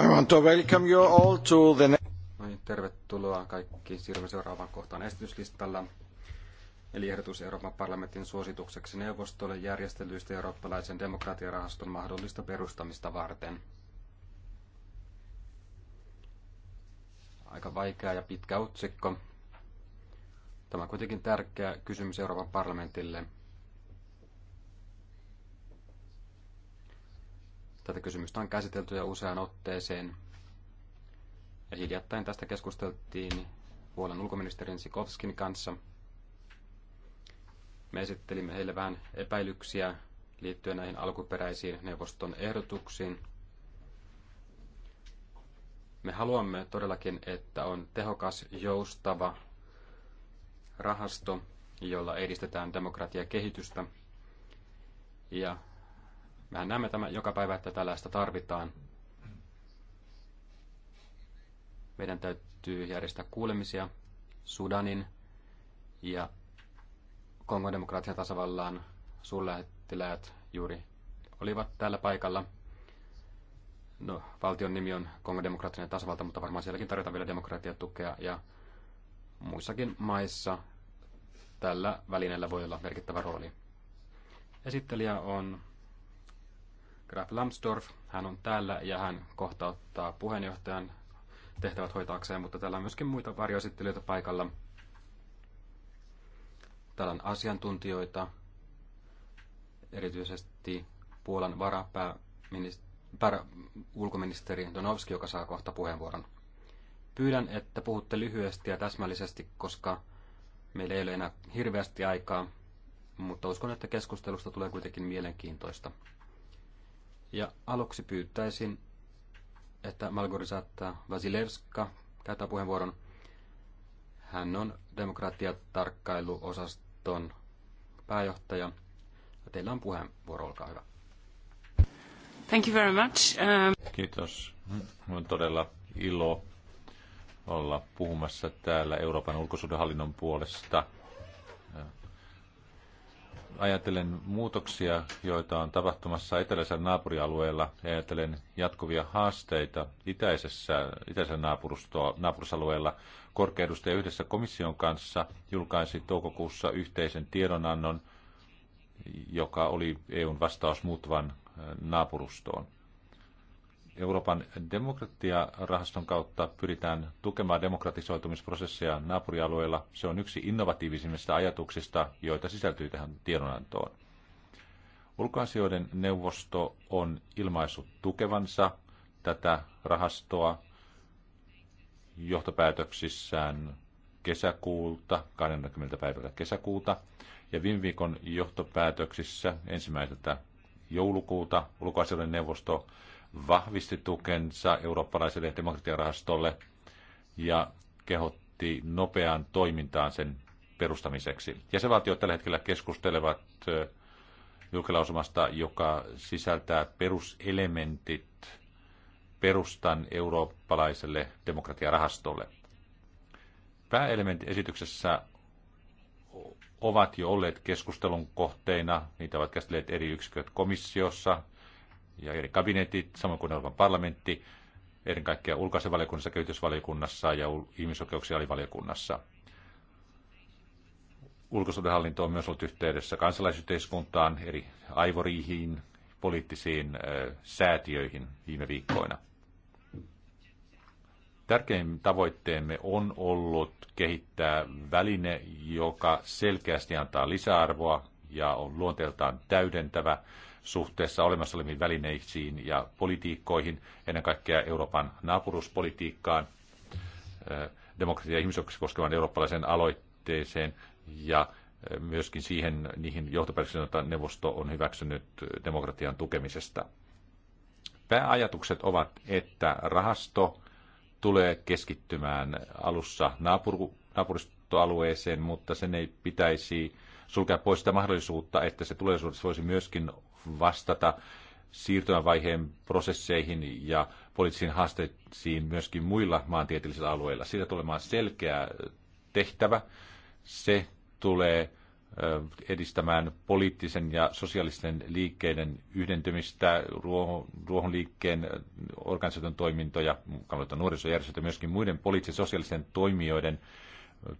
I want to welcome you all to the... No niin, tervetuloa kaikki. Siirrymme seuraavaan kohtaan esityslistalla. Eli ehdotus Euroopan parlamentin suositukseksi neuvostolle järjestelyistä eurooppalaisen demokratiarahaston mahdollista perustamista varten. Aika vaikea ja pitkä otsikko. Tämä on kuitenkin tärkeä kysymys Euroopan parlamentille – Tätä kysymystä on käsitelty jo useaan otteeseen. Ja hiljattain tästä keskusteltiin Puolan ulkoministerin Sikovskin kanssa. Me esittelimme heille vähän epäilyksiä liittyen näihin alkuperäisiin neuvoston ehdotuksiin. Me haluamme todellakin, että on tehokas, joustava rahasto, jolla edistetään demokratiakehitystä. Ja Mehän näemme tämä joka päivä, että tällaista tarvitaan. Meidän täytyy järjestää kuulemisia Sudanin ja Kongon demokraattisen tasavallan suurlähettiläät juuri olivat täällä paikalla. No, valtion nimi on Kongon demokraattinen tasavalta, mutta varmaan sielläkin tarjotaan vielä demokratiatukea ja muissakin maissa tällä välineellä voi olla merkittävä rooli. Esittelijä on Graf Lambsdorff. Hän on täällä ja hän kohta ottaa puheenjohtajan tehtävät hoitaakseen, mutta täällä on myöskin muita varjoesittelijöitä paikalla. Täällä on asiantuntijoita, erityisesti Puolan varapääministeri, ulkoministeri Donovski, joka saa kohta puheenvuoron. Pyydän, että puhutte lyhyesti ja täsmällisesti, koska meillä ei ole enää hirveästi aikaa, mutta uskon, että keskustelusta tulee kuitenkin mielenkiintoista. Ja aluksi pyytäisin, että Malgorzata Vasilerska käyttää puheenvuoron. Hän on demokratiatarkkailuosaston pääjohtaja. Teillä on puheenvuoro, olkaa hyvä. Thank you very much. Um... Kiitos. On todella ilo olla puhumassa täällä Euroopan ulkosuudenhallinnon puolesta – ajatellen muutoksia, joita on tapahtumassa eteläisellä naapurialueella ja ajatellen jatkuvia haasteita itäisessä, itäisellä naapurusalueella, korkea yhdessä komission kanssa julkaisi toukokuussa yhteisen tiedonannon, joka oli EUn vastaus muuttuvan naapurustoon. Euroopan demokratiarahaston kautta pyritään tukemaan demokratisoitumisprosesseja naapurialueilla. Se on yksi innovatiivisimmista ajatuksista, joita sisältyy tähän tiedonantoon. Ulkoasioiden neuvosto on ilmaissut tukevansa tätä rahastoa johtopäätöksissään kesäkuulta, 20. päivältä kesäkuuta, ja viime viikon johtopäätöksissä ensimmäiseltä joulukuuta ulkoasioiden neuvosto vahvisti tukensa eurooppalaiselle demokratiarahastolle ja kehotti nopeaan toimintaan sen perustamiseksi. Jäsenvaltiot tällä hetkellä keskustelevat julkilausumasta, joka sisältää peruselementit perustan eurooppalaiselle demokratiarahastolle. Pääelementit esityksessä ovat jo olleet keskustelun kohteina, niitä ovat käsitelleet eri yksiköt komissiossa, ja eri kabinetit, samoin kuin Euroopan parlamentti, ennen kaikkea ulkoasevaliokunnassa, kehitysvaliokunnassa ja ihmisoikeuksien alivaliokunnassa. Ulkosuhdehallinto on myös ollut yhteydessä kansalaisyhteiskuntaan, eri aivoriihiin, poliittisiin ö, säätiöihin viime viikkoina. Tärkein tavoitteemme on ollut kehittää väline, joka selkeästi antaa lisäarvoa ja on luonteeltaan täydentävä – suhteessa olemassa oleviin välineisiin ja politiikkoihin, ennen kaikkea Euroopan naapuruspolitiikkaan, demokratia- ja ihmisoikeuksia koskevan eurooppalaisen aloitteeseen ja myöskin siihen, niihin johtopäätöksiin, joita neuvosto on hyväksynyt demokratian tukemisesta. Pääajatukset ovat, että rahasto tulee keskittymään alussa naapuru, naapuristoalueeseen, mutta sen ei pitäisi sulkea pois sitä mahdollisuutta, että se tulevaisuudessa voisi myöskin vastata siirtymävaiheen prosesseihin ja poliittisiin haasteisiin myöskin muilla maantieteellisillä alueilla. Siitä tulee olemaan selkeä tehtävä. Se tulee edistämään poliittisen ja sosiaalisten liikkeiden yhdentymistä, ruohonliikkeen organisaation toimintoja, mukaan nuorisojärjestöjä ja myöskin muiden poliittisen sosiaalisten toimijoiden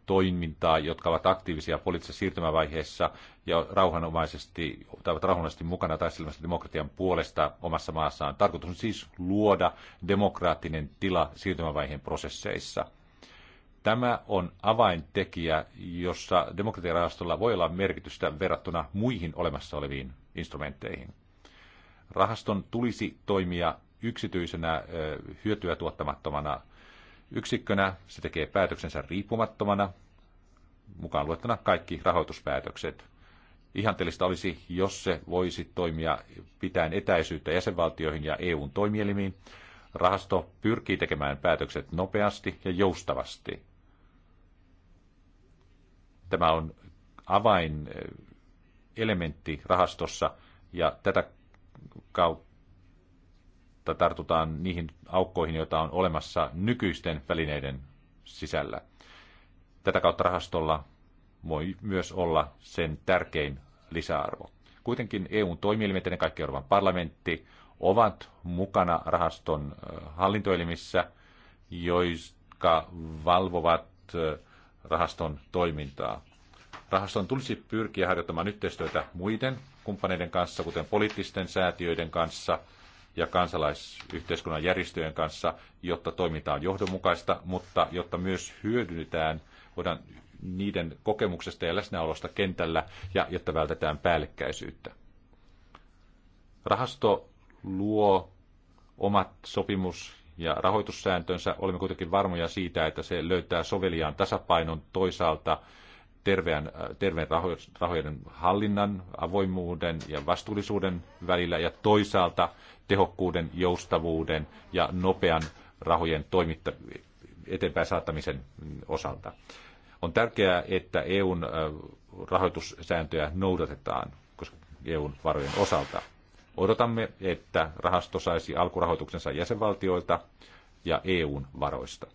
toimintaa, jotka ovat aktiivisia poliittisessa siirtymävaiheessa ja rauhanomaisesti, tai ovat rauhanomaisesti mukana taistelemassa demokratian puolesta omassa maassaan. Tarkoitus on siis luoda demokraattinen tila siirtymävaiheen prosesseissa. Tämä on avaintekijä, jossa demokratiarahastolla voi olla merkitystä verrattuna muihin olemassa oleviin instrumentteihin. Rahaston tulisi toimia yksityisenä hyötyä tuottamattomana yksikkönä. Se tekee päätöksensä riippumattomana, mukaan luettuna kaikki rahoituspäätökset. Ihanteellista olisi, jos se voisi toimia pitäen etäisyyttä jäsenvaltioihin ja EUn toimielimiin. Rahasto pyrkii tekemään päätökset nopeasti ja joustavasti. Tämä on avainelementti eh, rahastossa ja tätä kautta jotta tartutaan niihin aukkoihin, joita on olemassa nykyisten välineiden sisällä. Tätä kautta rahastolla voi myös olla sen tärkein lisäarvo. Kuitenkin EUn toimielimet, ennen kaikkea Euroopan parlamentti, ovat mukana rahaston hallintoelimissä, jotka valvovat rahaston toimintaa. Rahaston tulisi pyrkiä harjoittamaan yhteistyötä muiden kumppaneiden kanssa, kuten poliittisten säätiöiden kanssa – ja kansalaisyhteiskunnan järjestöjen kanssa, jotta toiminta on johdonmukaista, mutta jotta myös hyödynnetään, voidaan niiden kokemuksesta ja läsnäolosta kentällä ja jotta vältetään päällekkäisyyttä. Rahasto luo omat sopimus- ja rahoitussääntönsä. Olemme kuitenkin varmoja siitä, että se löytää soveliaan tasapainon toisaalta äh, terveen, terveen rahojen hallinnan, avoimuuden ja vastuullisuuden välillä ja toisaalta tehokkuuden, joustavuuden ja nopean rahojen toimitta- eteenpäin saattamisen osalta. On tärkeää, että EUn rahoitussääntöjä noudatetaan koska EUn varojen osalta. Odotamme, että rahasto saisi alkurahoituksensa jäsenvaltioilta ja EUn varoista.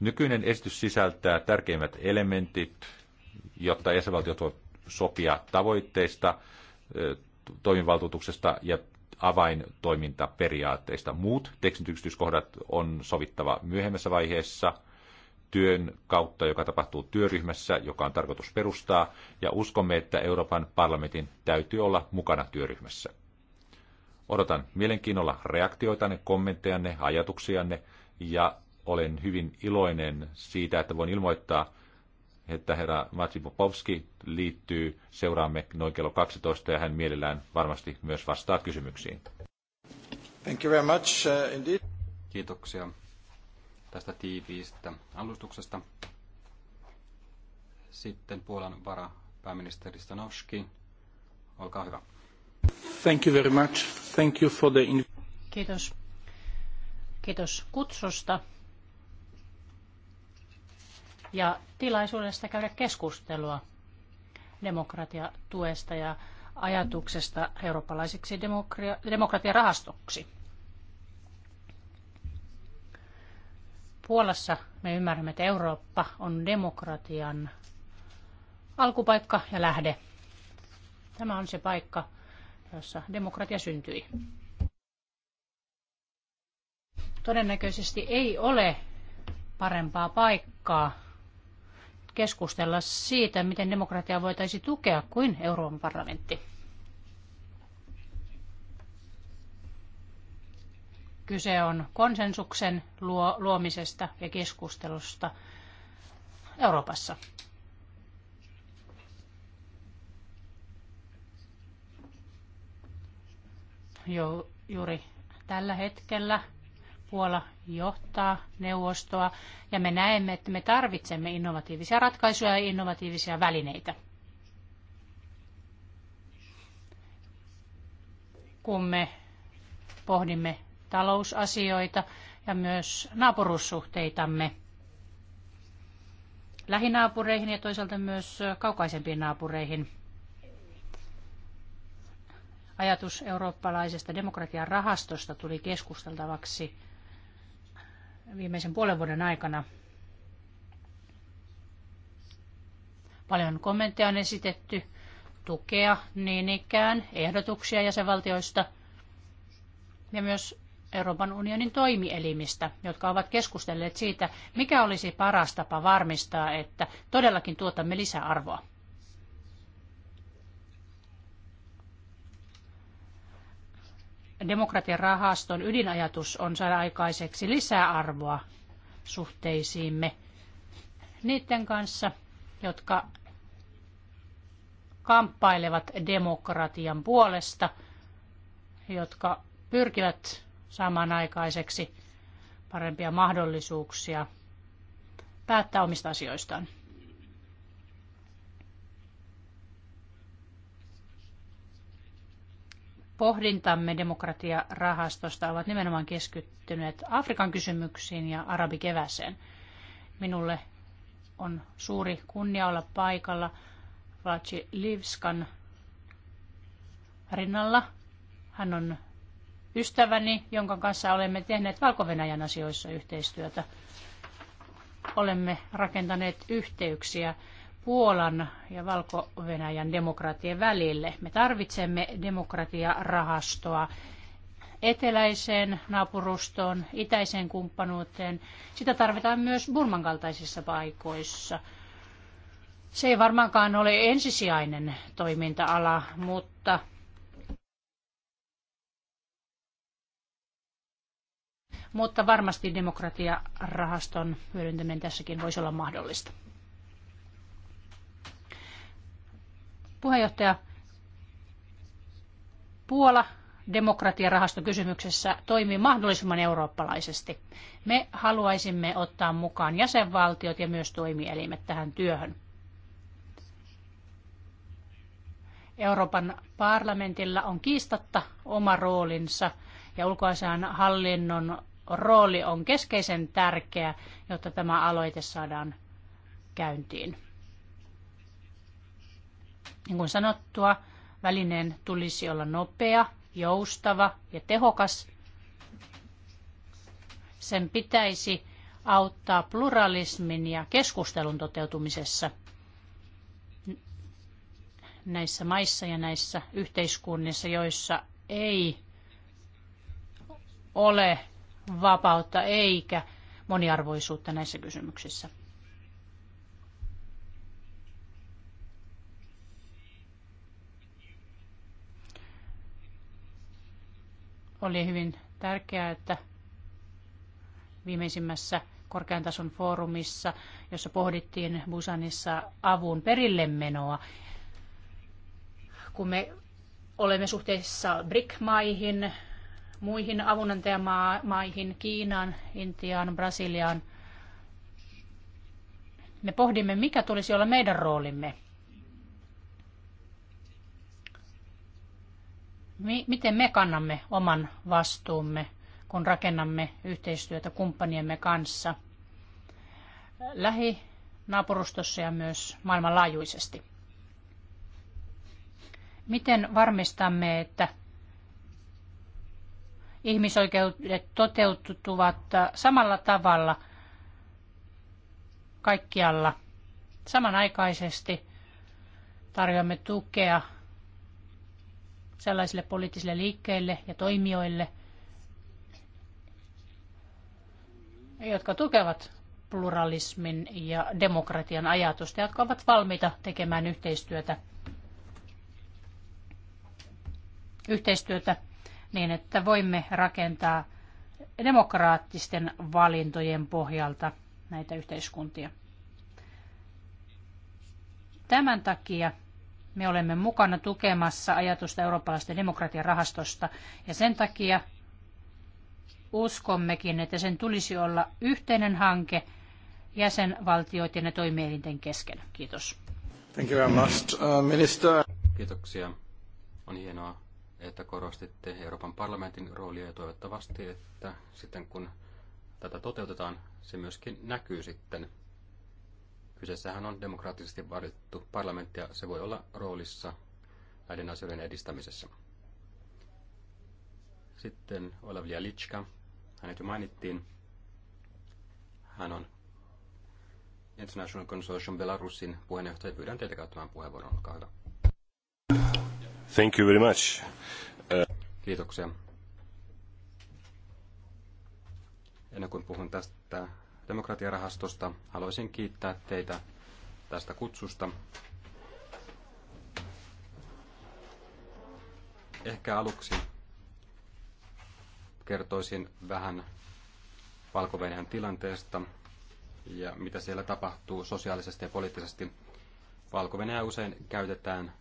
Nykyinen esitys sisältää tärkeimmät elementit, jotta jäsenvaltiot voivat sopia tavoitteista, toimivaltuutuksesta ja avaintoimintaperiaatteista. Muut tekstityksityiskohdat on sovittava myöhemmässä vaiheessa työn kautta, joka tapahtuu työryhmässä, joka on tarkoitus perustaa, ja uskomme, että Euroopan parlamentin täytyy olla mukana työryhmässä. Odotan mielenkiinnolla reaktioitanne, kommenttejanne, ajatuksianne, ja olen hyvin iloinen siitä, että voin ilmoittaa, että herra Matsi Popovski liittyy. Seuraamme noin kello 12 ja hän mielellään varmasti myös vastaa kysymyksiin. Thank you very much, uh, indeed. Kiitoksia tästä tiiviistä alustuksesta. Sitten Puolan varapääministeri Stanowski, olkaa hyvä. Thank you very much. Thank you for the... Kiitos. Kiitos kutsusta ja tilaisuudesta käydä keskustelua demokratiatuesta ja ajatuksesta eurooppalaiseksi demokratia, demokratiarahastoksi. Puolassa me ymmärrämme, että Eurooppa on demokratian alkupaikka ja lähde. Tämä on se paikka, jossa demokratia syntyi. Todennäköisesti ei ole parempaa paikkaa keskustella siitä, miten demokratiaa voitaisiin tukea kuin Euroopan parlamentti. Kyse on konsensuksen luo, luomisesta ja keskustelusta Euroopassa. Jo, juuri tällä hetkellä Puola johtaa neuvostoa ja me näemme, että me tarvitsemme innovatiivisia ratkaisuja ja innovatiivisia välineitä. Kun me pohdimme talousasioita ja myös naapuruussuhteitamme lähinaapureihin ja toisaalta myös kaukaisempiin naapureihin. Ajatus eurooppalaisesta demokratian rahastosta tuli keskusteltavaksi viimeisen puolen vuoden aikana. Paljon kommentteja on esitetty, tukea niin ikään, ehdotuksia jäsenvaltioista ja myös Euroopan unionin toimielimistä, jotka ovat keskustelleet siitä, mikä olisi paras tapa varmistaa, että todellakin tuotamme lisäarvoa. demokratian ydinajatus on saada aikaiseksi lisäarvoa suhteisiimme niiden kanssa, jotka kamppailevat demokratian puolesta, jotka pyrkivät saamaan aikaiseksi parempia mahdollisuuksia päättää omista asioistaan. pohdintamme demokratiarahastosta ovat nimenomaan keskittyneet Afrikan kysymyksiin ja arabikeväseen. Minulle on suuri kunnia olla paikalla Vaci Livskan rinnalla. Hän on ystäväni, jonka kanssa olemme tehneet valko asioissa yhteistyötä. Olemme rakentaneet yhteyksiä Puolan ja Valko-Venäjän demokratian välille. Me tarvitsemme demokratiarahastoa eteläiseen naapurustoon, itäiseen kumppanuuteen. Sitä tarvitaan myös Burman kaltaisissa paikoissa. Se ei varmaankaan ole ensisijainen toiminta-ala, mutta mutta varmasti demokratiarahaston hyödyntäminen tässäkin voisi olla mahdollista. Puheenjohtaja Puola kysymyksessä toimii mahdollisimman eurooppalaisesti. Me haluaisimme ottaa mukaan jäsenvaltiot ja myös toimielimet tähän työhön. Euroopan parlamentilla on kiistatta oma roolinsa ja ulkoasian hallinnon rooli on keskeisen tärkeä, jotta tämä aloite saadaan käyntiin. Niin kuin sanottua, välineen tulisi olla nopea, joustava ja tehokas. Sen pitäisi auttaa pluralismin ja keskustelun toteutumisessa näissä maissa ja näissä yhteiskunnissa, joissa ei ole vapautta eikä moniarvoisuutta näissä kysymyksissä. Oli hyvin tärkeää, että viimeisimmässä korkean tason foorumissa, jossa pohdittiin Busanissa avun perillemenoa, kun me olemme suhteessa BRIC-maihin, muihin avunantajamaihin, Kiinaan, Intiaan, Brasiliaan. Me pohdimme, mikä tulisi olla meidän roolimme – miten me kannamme oman vastuumme, kun rakennamme yhteistyötä kumppaniemme kanssa lähi naapurustossa ja myös maailmanlaajuisesti. Miten varmistamme, että ihmisoikeudet toteutuvat samalla tavalla kaikkialla samanaikaisesti? Tarjoamme tukea sellaisille poliittisille liikkeille ja toimijoille, jotka tukevat pluralismin ja demokratian ajatusta, jotka ovat valmiita tekemään yhteistyötä, yhteistyötä niin, että voimme rakentaa demokraattisten valintojen pohjalta näitä yhteiskuntia. Tämän takia me olemme mukana tukemassa ajatusta eurooppalaisesta demokratian rahastosta ja sen takia uskommekin, että sen tulisi olla yhteinen hanke jäsenvaltioiden ja toimielinten kesken. Kiitos. Thank you very much, uh, minister. Kiitoksia. On hienoa, että korostitte Euroopan parlamentin roolia ja toivottavasti, että sitten kun tätä toteutetaan, se myöskin näkyy sitten Kyseessähän on demokraattisesti valittu parlamentti ja se voi olla roolissa näiden asioiden edistämisessä. Sitten Olavia Litska, hänet jo mainittiin. Hän on International Consortium Belarusin puheenjohtaja. Pyydän teitä käyttämään puheenvuoron, olkaa hyvä. Thank you very much. Uh... Kiitoksia. Ennen kuin puhun tästä demokratiarahastosta. Haluaisin kiittää teitä tästä kutsusta. Ehkä aluksi kertoisin vähän valko tilanteesta ja mitä siellä tapahtuu sosiaalisesti ja poliittisesti. valko usein käytetään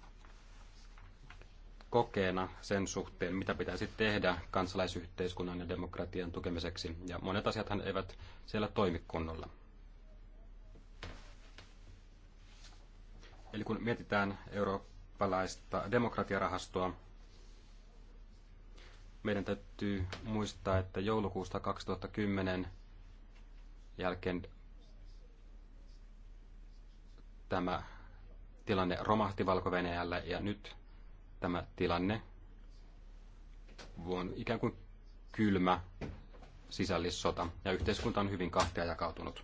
kokeena sen suhteen, mitä pitäisi tehdä kansalaisyhteiskunnan ja demokratian tukemiseksi. Ja monet asiathan eivät siellä toimi kunnolla. Eli kun mietitään eurooppalaista demokratiarahastoa, meidän täytyy muistaa, että joulukuusta 2010 jälkeen tämä tilanne romahti valko ja nyt tämä tilanne on ikään kuin kylmä sisällissota ja yhteiskunta on hyvin kahtia jakautunut.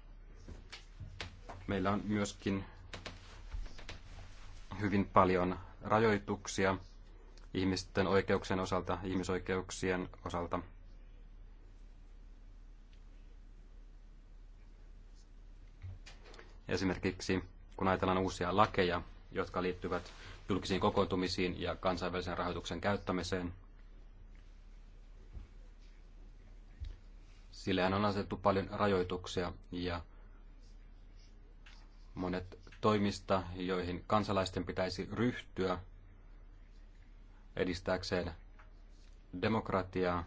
Meillä on myöskin hyvin paljon rajoituksia ihmisten oikeuksien osalta, ihmisoikeuksien osalta. Esimerkiksi kun ajatellaan uusia lakeja, jotka liittyvät julkisiin kokoontumisiin ja kansainvälisen rahoituksen käyttämiseen. Sillehän on asetettu paljon rajoituksia ja monet toimista, joihin kansalaisten pitäisi ryhtyä edistääkseen demokratiaa,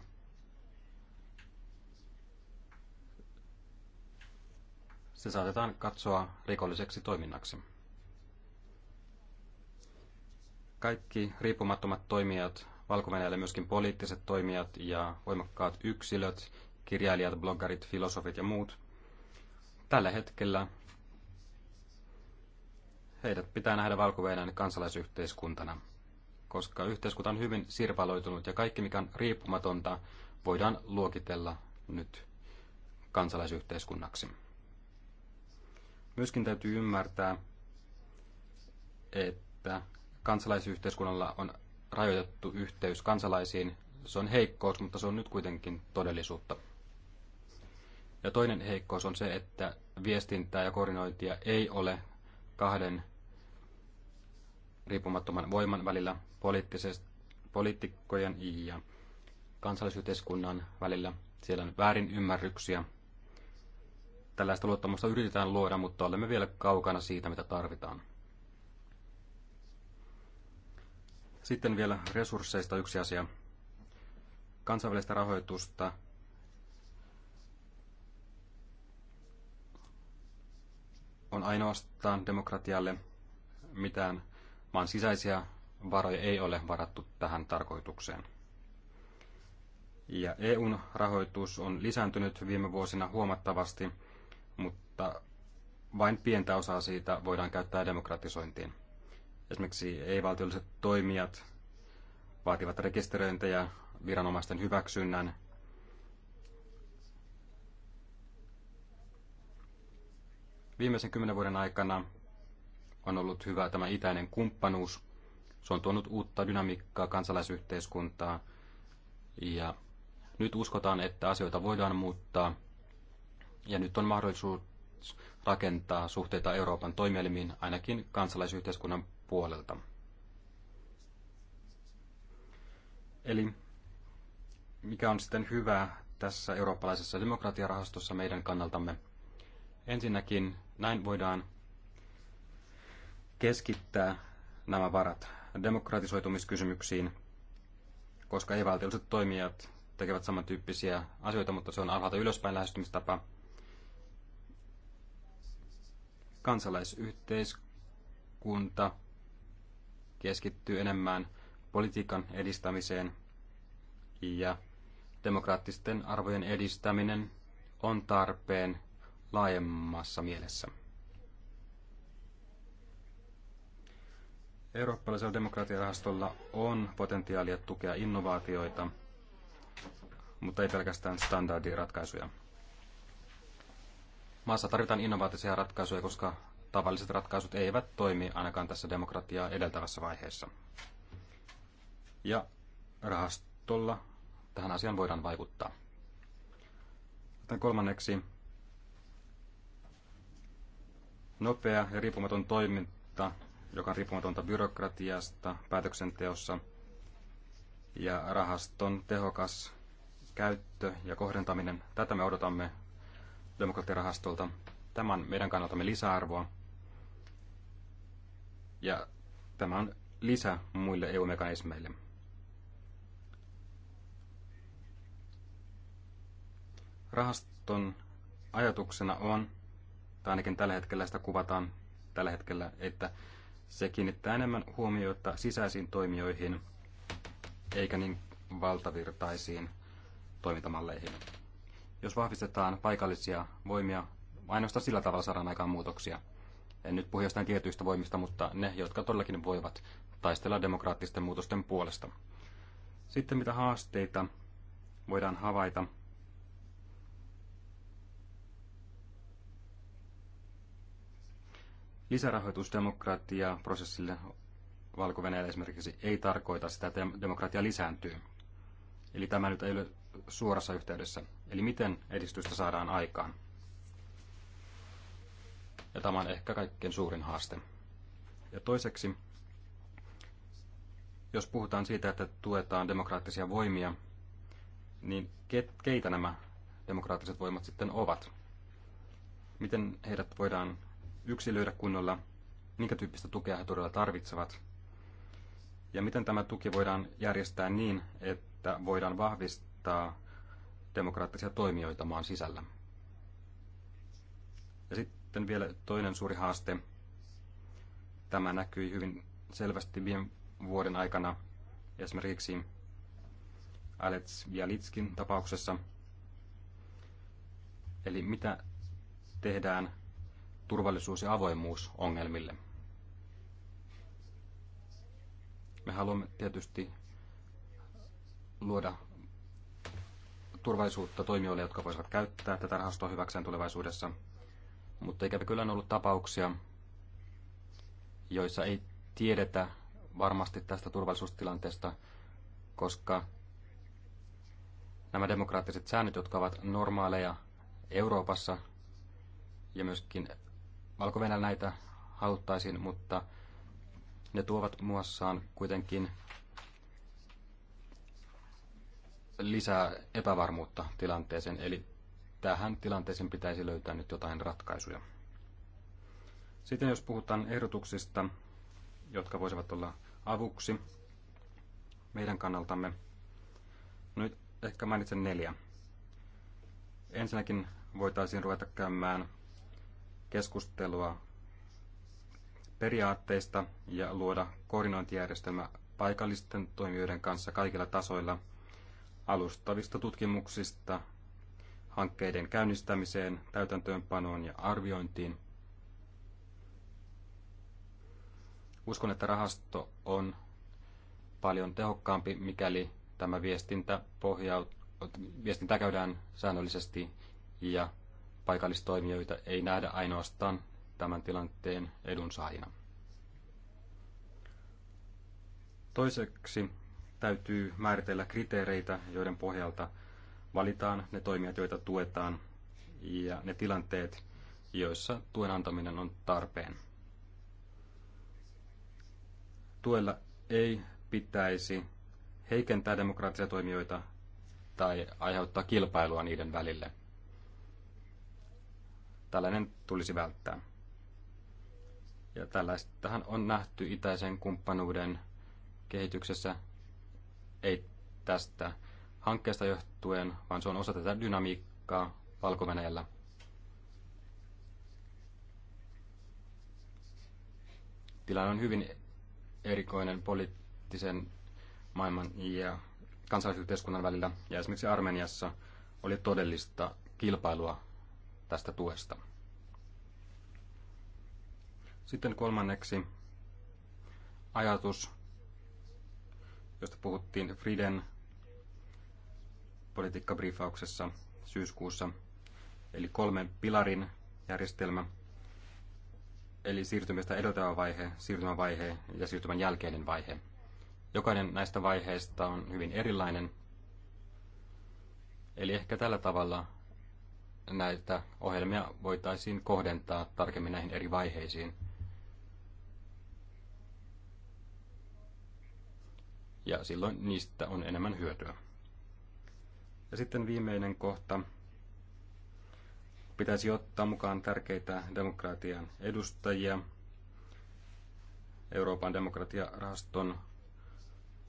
se saatetaan katsoa rikolliseksi toiminnaksi kaikki riippumattomat toimijat valko myöskin poliittiset toimijat ja voimakkaat yksilöt, kirjailijat, bloggarit, filosofit ja muut, tällä hetkellä heidät pitää nähdä valko kansalaisyhteiskuntana, koska yhteiskunta on hyvin sirpaloitunut ja kaikki, mikä on riippumatonta, voidaan luokitella nyt kansalaisyhteiskunnaksi. Myöskin täytyy ymmärtää, että kansalaisyhteiskunnalla on rajoitettu yhteys kansalaisiin. Se on heikkous, mutta se on nyt kuitenkin todellisuutta. Ja toinen heikkous on se, että viestintää ja koordinointia ei ole kahden riippumattoman voiman välillä poliitikkojen ja kansallisyhteiskunnan välillä. Siellä on väärin ymmärryksiä. Tällaista luottamusta yritetään luoda, mutta olemme vielä kaukana siitä, mitä tarvitaan. Sitten vielä resursseista yksi asia. Kansainvälistä rahoitusta on ainoastaan demokratialle. Mitään maan sisäisiä varoja ei ole varattu tähän tarkoitukseen. Ja EUn rahoitus on lisääntynyt viime vuosina huomattavasti, mutta vain pientä osaa siitä voidaan käyttää demokratisointiin. Esimerkiksi ei-valtiolliset toimijat vaativat rekisteröintejä, viranomaisten hyväksynnän. Viimeisen kymmenen vuoden aikana on ollut hyvä tämä itäinen kumppanuus. Se on tuonut uutta dynamiikkaa kansalaisyhteiskuntaa ja nyt uskotaan, että asioita voidaan muuttaa ja nyt on mahdollisuus rakentaa suhteita Euroopan toimielimiin ainakin kansalaisyhteiskunnan puolelta. Eli mikä on sitten hyvä tässä eurooppalaisessa demokratiarahastossa meidän kannaltamme? Ensinnäkin näin voidaan keskittää nämä varat demokratisoitumiskysymyksiin, koska ei-valtiolliset toimijat tekevät samantyyppisiä asioita, mutta se on alhaalta ylöspäin lähestymistapa. Kansalaisyhteiskunta keskittyy enemmän politiikan edistämiseen ja demokraattisten arvojen edistäminen on tarpeen laajemmassa mielessä. Eurooppalaisella demokratiarahastolla on potentiaalia tukea innovaatioita, mutta ei pelkästään standardiratkaisuja. Maassa tarvitaan innovaattisia ratkaisuja, koska tavalliset ratkaisut eivät toimi ainakaan tässä demokratiaa edeltävässä vaiheessa. Ja rahastolla tähän asiaan voidaan vaikuttaa. Tämän kolmanneksi nopea ja riippumaton toiminta, joka on riippumatonta byrokratiasta päätöksenteossa ja rahaston tehokas käyttö ja kohdentaminen. Tätä me odotamme demokratiarahastolta. Tämä on meidän kannaltamme lisäarvoa. Ja tämä on lisä muille EU-mekanismeille. Rahaston ajatuksena on, tai ainakin tällä hetkellä sitä kuvataan tällä hetkellä, että se kiinnittää enemmän huomiota sisäisiin toimijoihin eikä niin valtavirtaisiin toimintamalleihin. Jos vahvistetaan paikallisia voimia Ainoastaan sillä tavalla saadaan aikaan muutoksia. En nyt puhu jostain tietyistä voimista, mutta ne, jotka todellakin voivat taistella demokraattisten muutosten puolesta. Sitten mitä haasteita voidaan havaita lisärahoitusdemokratia prosessille valko esimerkiksi ei tarkoita sitä, että demokratia lisääntyy. Eli tämä nyt ei ole suorassa yhteydessä. Eli miten edistystä saadaan aikaan? Ja tämä on ehkä kaikkein suurin haaste. Ja toiseksi, jos puhutaan siitä, että tuetaan demokraattisia voimia, niin keitä nämä demokraattiset voimat sitten ovat? Miten heidät voidaan yksilöidä kunnolla? Minkä tyyppistä tukea he todella tarvitsevat? Ja miten tämä tuki voidaan järjestää niin, että voidaan vahvistaa demokraattisia toimijoita maan sisällä? Ja sitten sitten vielä toinen suuri haaste. Tämä näkyi hyvin selvästi viime vuoden aikana esimerkiksi Alex Bialitskin tapauksessa. Eli mitä tehdään turvallisuus- ja avoimuusongelmille? Me haluamme tietysti luoda turvallisuutta toimijoille, jotka voisivat käyttää tätä rahastoa hyväkseen tulevaisuudessa – mutta ikävä kyllä on ollut tapauksia, joissa ei tiedetä varmasti tästä turvallisuustilanteesta, koska nämä demokraattiset säännöt, jotka ovat normaaleja Euroopassa ja myöskin valko näitä haluttaisiin, mutta ne tuovat muassaan kuitenkin lisää epävarmuutta tilanteeseen. Eli tähän tilanteeseen pitäisi löytää nyt jotain ratkaisuja. Sitten jos puhutaan ehdotuksista, jotka voisivat olla avuksi meidän kannaltamme, no nyt ehkä mainitsen neljä. Ensinnäkin voitaisiin ruveta käymään keskustelua periaatteista ja luoda koordinointijärjestelmä paikallisten toimijoiden kanssa kaikilla tasoilla, alustavista tutkimuksista hankkeiden käynnistämiseen, täytäntöönpanoon ja arviointiin. Uskon, että rahasto on paljon tehokkaampi, mikäli tämä viestintä pohjautuu viestintä käydään säännöllisesti ja paikallistoimijoita ei nähdä ainoastaan tämän tilanteen edunsaajina. Toiseksi täytyy määritellä kriteereitä, joiden pohjalta valitaan ne toimijat, joita tuetaan ja ne tilanteet, joissa tuen antaminen on tarpeen. Tuella ei pitäisi heikentää demokraattisia toimijoita tai aiheuttaa kilpailua niiden välille. Tällainen tulisi välttää. Ja tällaistahan on nähty itäisen kumppanuuden kehityksessä. Ei tästä hankkeesta johtuen, vaan se on osa tätä dynamiikkaa valko -Venäjällä. Tilanne on hyvin erikoinen poliittisen maailman ja kansalaisyhteiskunnan välillä, ja esimerkiksi Armeniassa oli todellista kilpailua tästä tuesta. Sitten kolmanneksi ajatus, josta puhuttiin Friden politiikkabriefauksessa syyskuussa. Eli kolmen pilarin järjestelmä, eli siirtymistä edeltävä vaihe, siirtymävaihe ja siirtymän jälkeinen vaihe. Jokainen näistä vaiheista on hyvin erilainen. Eli ehkä tällä tavalla näitä ohjelmia voitaisiin kohdentaa tarkemmin näihin eri vaiheisiin. Ja silloin niistä on enemmän hyötyä. Ja sitten viimeinen kohta. Pitäisi ottaa mukaan tärkeitä demokratian edustajia Euroopan demokratiarahaston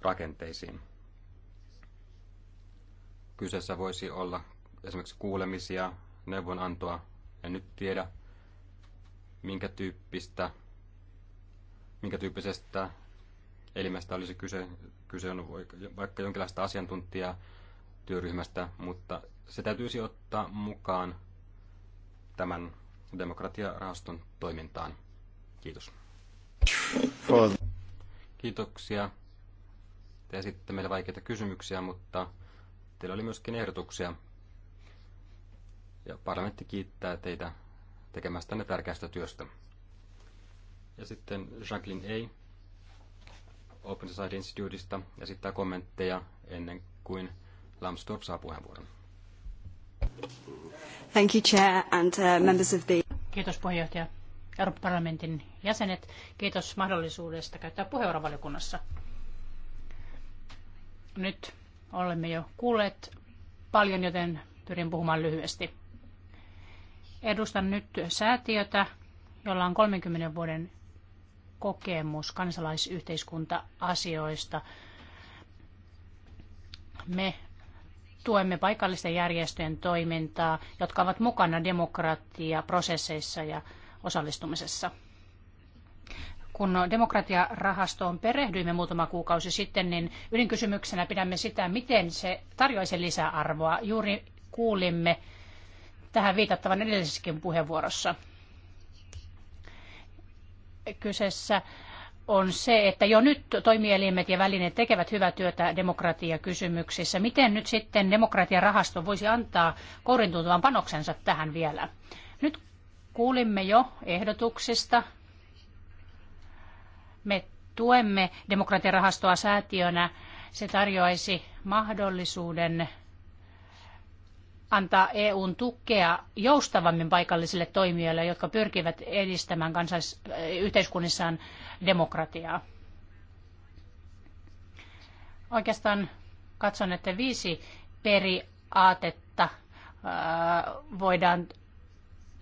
rakenteisiin. Kyseessä voisi olla esimerkiksi kuulemisia, neuvonantoa. En nyt tiedä, minkä tyyppistä, minkä tyyppisestä elimestä olisi kyse, kyse on vaikka jonkinlaista asiantuntijaa työryhmästä, mutta se täytyisi ottaa mukaan tämän demokratiarahaston toimintaan. Kiitos. Kiitoksia. Te esitte meille vaikeita kysymyksiä, mutta teillä oli myöskin ehdotuksia. Ja parlamentti kiittää teitä tekemästänne tärkeästä työstä. Ja sitten Jacqueline ei Open Society Instituteista esittää kommentteja ennen kuin Lambsdorff saa puheenvuoron. Thank you, Chair, and uh, members of the... Kiitos puheenjohtaja. Euroopan parlamentin jäsenet, kiitos mahdollisuudesta käyttää puheenvuoro valiokunnassa. Nyt olemme jo kuulleet paljon, joten pyrin puhumaan lyhyesti. Edustan nyt säätiötä, jolla on 30 vuoden kokemus kansalaisyhteiskunta-asioista. Me tuemme paikallisten järjestöjen toimintaa, jotka ovat mukana demokratiaprosesseissa ja osallistumisessa. Kun demokratiarahastoon perehdyimme muutama kuukausi sitten, niin ydinkysymyksenä pidämme sitä, miten se tarjoaisi lisäarvoa. Juuri kuulimme tähän viitattavan edellisessäkin puheenvuorossa. Kyseessä on se, että jo nyt toimielimet ja välineet tekevät hyvää työtä demokratiakysymyksissä. Miten nyt sitten demokratiarahasto voisi antaa kourintuntuvan panoksensa tähän vielä? Nyt kuulimme jo ehdotuksista. Me tuemme demokratiarahastoa säätiönä. Se tarjoaisi mahdollisuuden antaa EUn tukea joustavammin paikallisille toimijoille, jotka pyrkivät edistämään kansais- eh, yhteiskunnissaan demokratiaa. Oikeastaan katson, että viisi periaatetta voidaan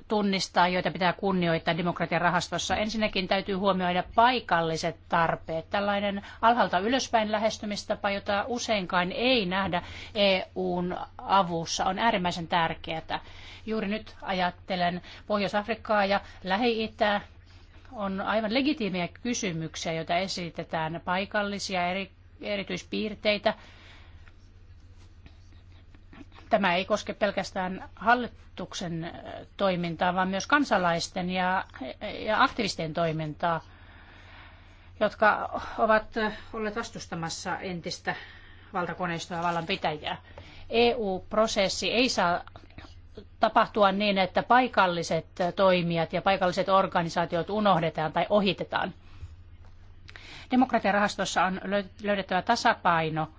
tunnistaa, joita pitää kunnioittaa demokratian rahastossa. Ensinnäkin täytyy huomioida paikalliset tarpeet. Tällainen alhaalta ylöspäin lähestymistapa, jota useinkaan ei nähdä EUn avussa, on äärimmäisen tärkeää. Juuri nyt ajattelen Pohjois-Afrikkaa ja Lähi-Itää. On aivan legitiimiä kysymyksiä, joita esitetään, paikallisia eri, erityispiirteitä, Tämä ei koske pelkästään hallituksen äh, toimintaa, vaan myös kansalaisten ja, ja aktivistien toimintaa, jotka ovat äh, olleet vastustamassa entistä valtakoneistoa ja vallanpitäjää. EU-prosessi ei saa tapahtua niin, että paikalliset äh, toimijat ja paikalliset organisaatiot unohdetaan tai ohitetaan. Demokratiarahastossa on löydettävä tasapaino –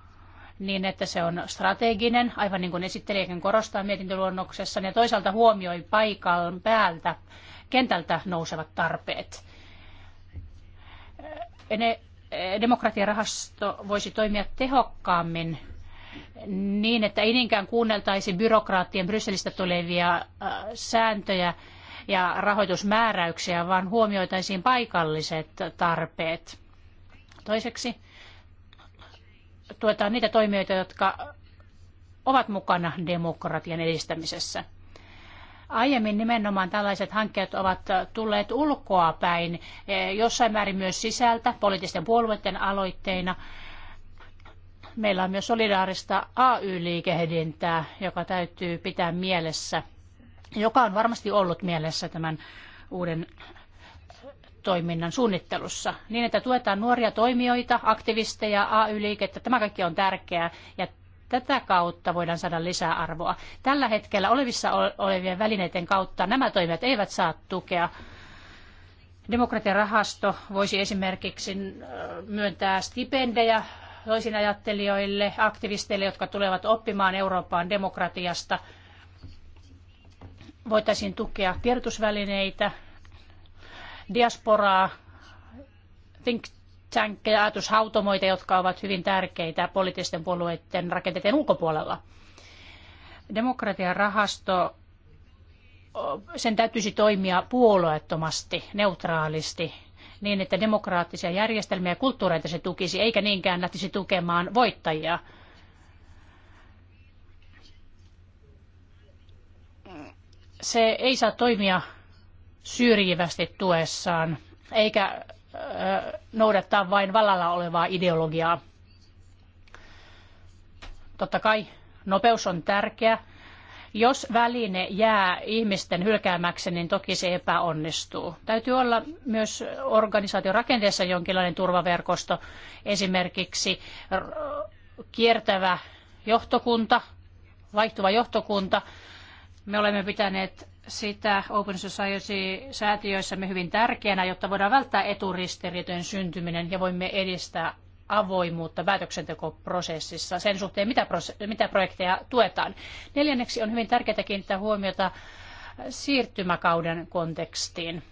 niin, että se on strateginen, aivan niin kuin esittelijäkin korostaa mietintöluonnoksessa, ja toisaalta huomioi paikan päältä kentältä nousevat tarpeet. demokratiarahasto voisi toimia tehokkaammin niin, että ei niinkään kuunneltaisi byrokraattien Brysselistä tulevia äh, sääntöjä ja rahoitusmääräyksiä, vaan huomioitaisiin paikalliset tarpeet. Toiseksi tuetaan niitä toimijoita, jotka ovat mukana demokratian edistämisessä. Aiemmin nimenomaan tällaiset hankkeet ovat tulleet ulkoa päin, eh, jossain määrin myös sisältä, poliittisten puolueiden aloitteina. Meillä on myös solidaarista AY-liikehdintää, joka täytyy pitää mielessä, joka on varmasti ollut mielessä tämän uuden toiminnan suunnittelussa, niin että tuetaan nuoria toimijoita, aktivisteja, AY-liikettä. Tämä kaikki on tärkeää ja tätä kautta voidaan saada lisäarvoa. Tällä hetkellä olevissa olevien välineiden kautta nämä toimijat eivät saa tukea. Demokratiarahasto voisi esimerkiksi äh, myöntää stipendejä toisinajattelijoille, aktivisteille, jotka tulevat oppimaan Eurooppaan demokratiasta. Voitaisiin tukea tiedotusvälineitä, diasporaa, think tankkejä, ajatushautomoita, jotka ovat hyvin tärkeitä poliittisten puolueiden rakenteiden ulkopuolella. Demokratian rahasto, sen täytyisi toimia puolueettomasti, neutraalisti, niin että demokraattisia järjestelmiä ja kulttuureita se tukisi, eikä niinkään lähtisi tukemaan voittajia. Se ei saa toimia syrjivästi tuessaan, eikä noudattaa vain vallalla olevaa ideologiaa. Totta kai nopeus on tärkeä. Jos väline jää ihmisten hylkäämäksi, niin toki se epäonnistuu. Täytyy olla myös organisaation rakenteessa jonkinlainen turvaverkosto, esimerkiksi kiertävä johtokunta, vaihtuva johtokunta. Me olemme pitäneet sitä Open Society-säätiöissämme hyvin tärkeänä, jotta voidaan välttää eturistiriitojen syntyminen ja voimme edistää avoimuutta päätöksentekoprosessissa sen suhteen, mitä, mitä projekteja tuetaan. Neljänneksi on hyvin tärkeää kiinnittää huomiota siirtymäkauden kontekstiin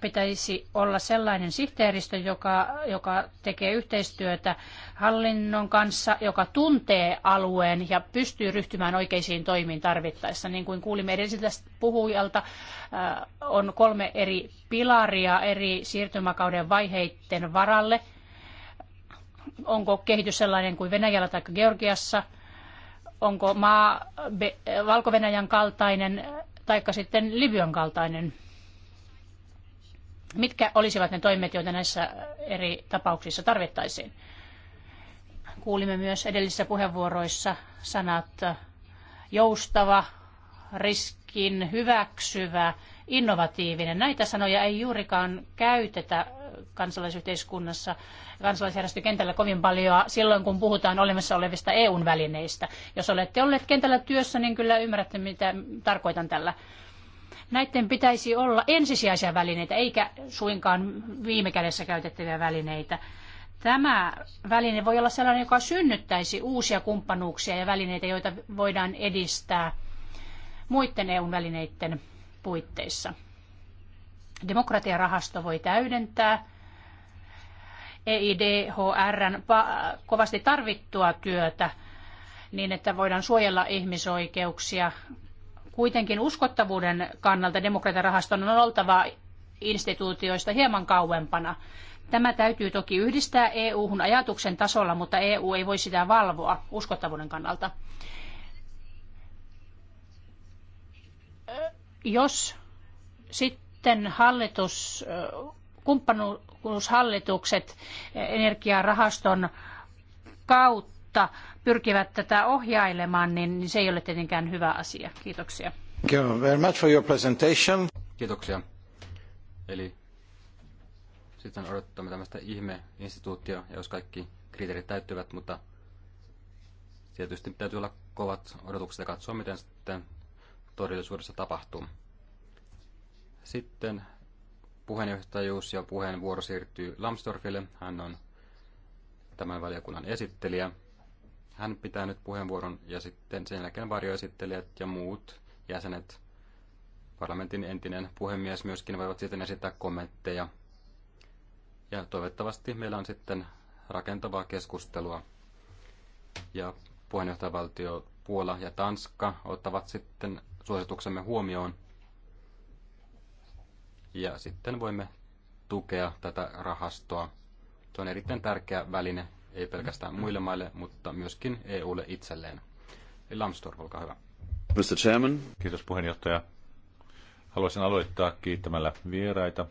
pitäisi olla sellainen sihteeristö, joka, joka tekee yhteistyötä hallinnon kanssa, joka tuntee alueen ja pystyy ryhtymään oikeisiin toimiin tarvittaessa. Niin kuin kuulimme edelliseltä puhujalta, äh, on kolme eri pilaria eri siirtymäkauden vaiheiden varalle. Onko kehitys sellainen kuin Venäjällä tai Georgiassa? Onko maa Valko-Venäjän kaltainen taikka sitten Libyan kaltainen? Mitkä olisivat ne toimet, joita näissä eri tapauksissa tarvittaisiin? Kuulimme myös edellisissä puheenvuoroissa sanat äh, joustava, riskin hyväksyvä, innovatiivinen. Näitä sanoja ei juurikaan käytetä kansalaisyhteiskunnassa, kansalaisjärjestökentällä kovin paljon silloin, kun puhutaan olemassa olevista eu välineistä. Jos olette olleet kentällä työssä, niin kyllä ymmärrätte, mitä tarkoitan tällä. Näiden pitäisi olla ensisijaisia välineitä, eikä suinkaan viime kädessä käytettäviä välineitä. Tämä väline voi olla sellainen, joka synnyttäisi uusia kumppanuuksia ja välineitä, joita voidaan edistää muiden eu välineiden puitteissa. Demokratiarahasto voi täydentää EIDHRn kovasti tarvittua työtä niin, että voidaan suojella ihmisoikeuksia, Kuitenkin uskottavuuden kannalta demokratiarahaston on oltava instituutioista hieman kauempana. Tämä täytyy toki yhdistää EU-hun ajatuksen tasolla, mutta EU ei voi sitä valvoa uskottavuuden kannalta. Jos sitten hallitus, kumppanuushallitukset energiarahaston kautta mutta pyrkivät tätä ohjailemaan, niin se ei ole tietenkään hyvä asia. Kiitoksia. Thank you very much for your presentation. Kiitoksia. Eli sitten odottamme tämmöistä ihmeinstituuttia, jos kaikki kriteerit täyttyvät, mutta tietysti täytyy olla kovat odotukset ja katsoa, miten sitten todellisuudessa tapahtuu. Sitten puheenjohtajuus ja puheenvuoro siirtyy Lamstorfille. Hän on tämän valiokunnan esittelijä. Hän pitää nyt puheenvuoron ja sitten sen jälkeen varjoesittelijät ja muut jäsenet, parlamentin entinen puhemies myöskin voivat sitten esittää kommentteja. Ja toivottavasti meillä on sitten rakentavaa keskustelua. Ja puheenjohtajavaltio Puola ja Tanska ottavat sitten suosituksemme huomioon. Ja sitten voimme tukea tätä rahastoa. Se on erittäin tärkeä väline, ei pelkästään muille maille, mutta myöskin EUlle itselleen. Eli Lambsdorff, olkaa hyvä. Mr. Chairman. Kiitos puheenjohtaja. Haluaisin aloittaa kiittämällä vieraita.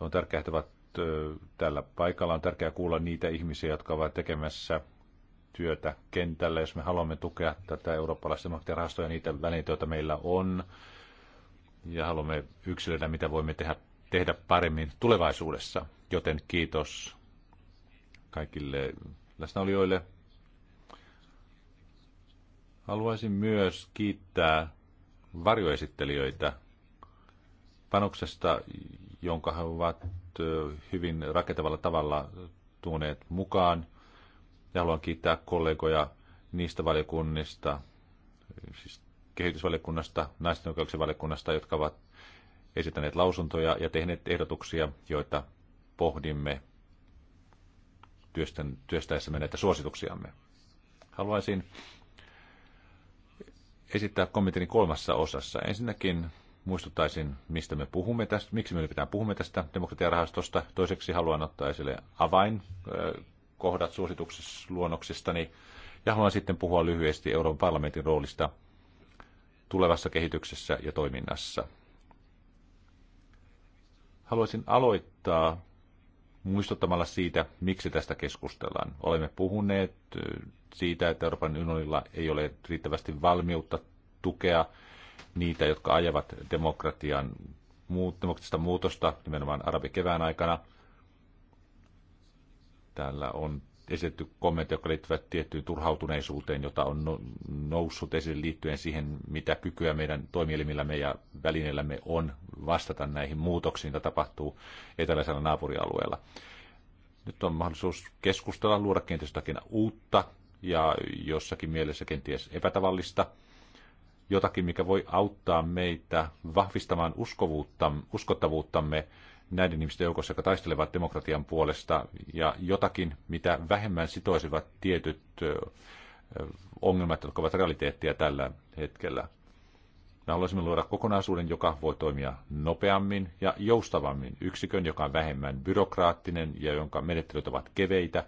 On tärkeää, että ovat tällä paikalla. On tärkeää kuulla niitä ihmisiä, jotka ovat tekemässä työtä kentällä, jos me haluamme tukea tätä eurooppalaista demokratiarahastoa ja niitä välineitä, joita meillä on, ja haluamme yksilöidä, mitä voimme tehdä, tehdä paremmin tulevaisuudessa. Joten kiitos kaikille läsnäolijoille. Haluaisin myös kiittää varjoesittelijöitä panoksesta, jonka he ovat hyvin rakentavalla tavalla tuoneet mukaan. Ja haluan kiittää kollegoja niistä valiokunnista, siis kehitysvaliokunnasta, naisten oikeuksien valiokunnasta, jotka ovat esittäneet lausuntoja ja tehneet ehdotuksia, joita pohdimme työstän, työstäessämme näitä suosituksiamme. Haluaisin esittää kommenttini kolmassa osassa. Ensinnäkin muistuttaisin, mistä me puhumme tästä, miksi me ylipäätään puhumme tästä demokratiarahastosta. Toiseksi haluan ottaa esille avainkohdat suositusluonnoksistani ja haluan sitten puhua lyhyesti Euroopan parlamentin roolista tulevassa kehityksessä ja toiminnassa. Haluaisin aloittaa muistuttamalla siitä, miksi tästä keskustellaan. Olemme puhuneet siitä, että Euroopan unionilla ei ole riittävästi valmiutta tukea niitä, jotka ajavat demokratian demokratista muutosta nimenomaan arabikevään aikana. Täällä on esitetty kommentti, joka liittyvät tiettyyn turhautuneisuuteen, jota on no-, noussut esille liittyen siihen, mitä kykyä meidän toimielimillämme ja välineillämme on vastata näihin muutoksiin, mitä tapahtuu eteläisellä naapurialueella. Nyt on mahdollisuus keskustella, luoda kenties jotakin uutta ja jossakin mielessä kenties epätavallista, jotakin, mikä voi auttaa meitä vahvistamaan uskovuutta, uskottavuuttamme näiden ihmisten joukossa, jotka taistelevat demokratian puolesta, ja jotakin, mitä vähemmän sitoisivat tietyt ongelmat, jotka ovat realiteettia tällä hetkellä. Me haluaisimme luoda kokonaisuuden, joka voi toimia nopeammin ja joustavammin, yksikön, joka on vähemmän byrokraattinen ja jonka menettelyt ovat keveitä.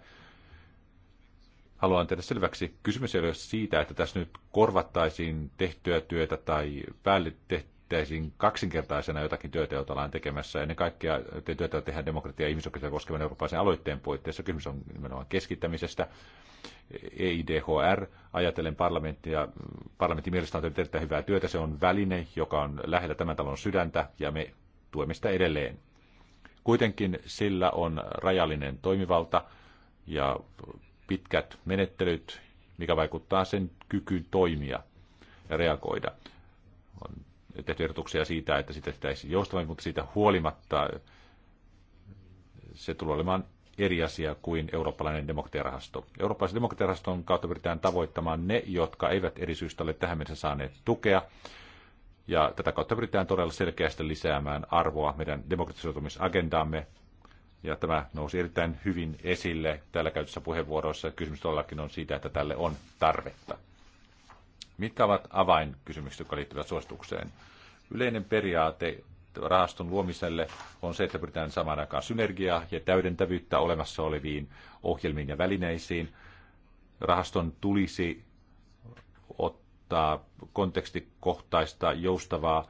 Haluan tehdä selväksi, kysymys ei ole siitä, että tässä nyt korvattaisiin tehtyä työtä tai päälle tehtyä pitäisin kaksinkertaisena jotakin työtä, jota ollaan tekemässä. Ennen kaikkea te työtä tehdään demokratia- ja ihmisoikeuksia koskevan eurooppalaisen aloitteen puitteissa. Kysymys on nimenomaan keskittämisestä. EIDHR, ajatellen parlamenttia, parlamentin mielestä on tehnyt erittäin hyvää työtä. Se on väline, joka on lähellä tämän talon sydäntä ja me tuemme sitä edelleen. Kuitenkin sillä on rajallinen toimivalta ja pitkät menettelyt, mikä vaikuttaa sen kykyyn toimia ja reagoida. On tehty ehdotuksia siitä, että sitä pitäisi joustavammin, mutta siitä huolimatta se tulee olemaan eri asia kuin eurooppalainen demokratiarahasto. Eurooppalaisen demokratiarahaston kautta pyritään tavoittamaan ne, jotka eivät eri syystä ole tähän mennessä saaneet tukea. Ja tätä kautta pyritään todella selkeästi lisäämään arvoa meidän demokratisoitumisagendaamme. Ja tämä nousi erittäin hyvin esille täällä käytössä puheenvuoroissa. Kysymys todellakin on siitä, että tälle on tarvetta. Mitkä ovat avainkysymykset, jotka liittyvät suositukseen? Yleinen periaate rahaston luomiselle on se, että pyritään samaan aikaan synergiaa ja täydentävyyttä olemassa oleviin ohjelmiin ja välineisiin. Rahaston tulisi ottaa kontekstikohtaista, joustavaa,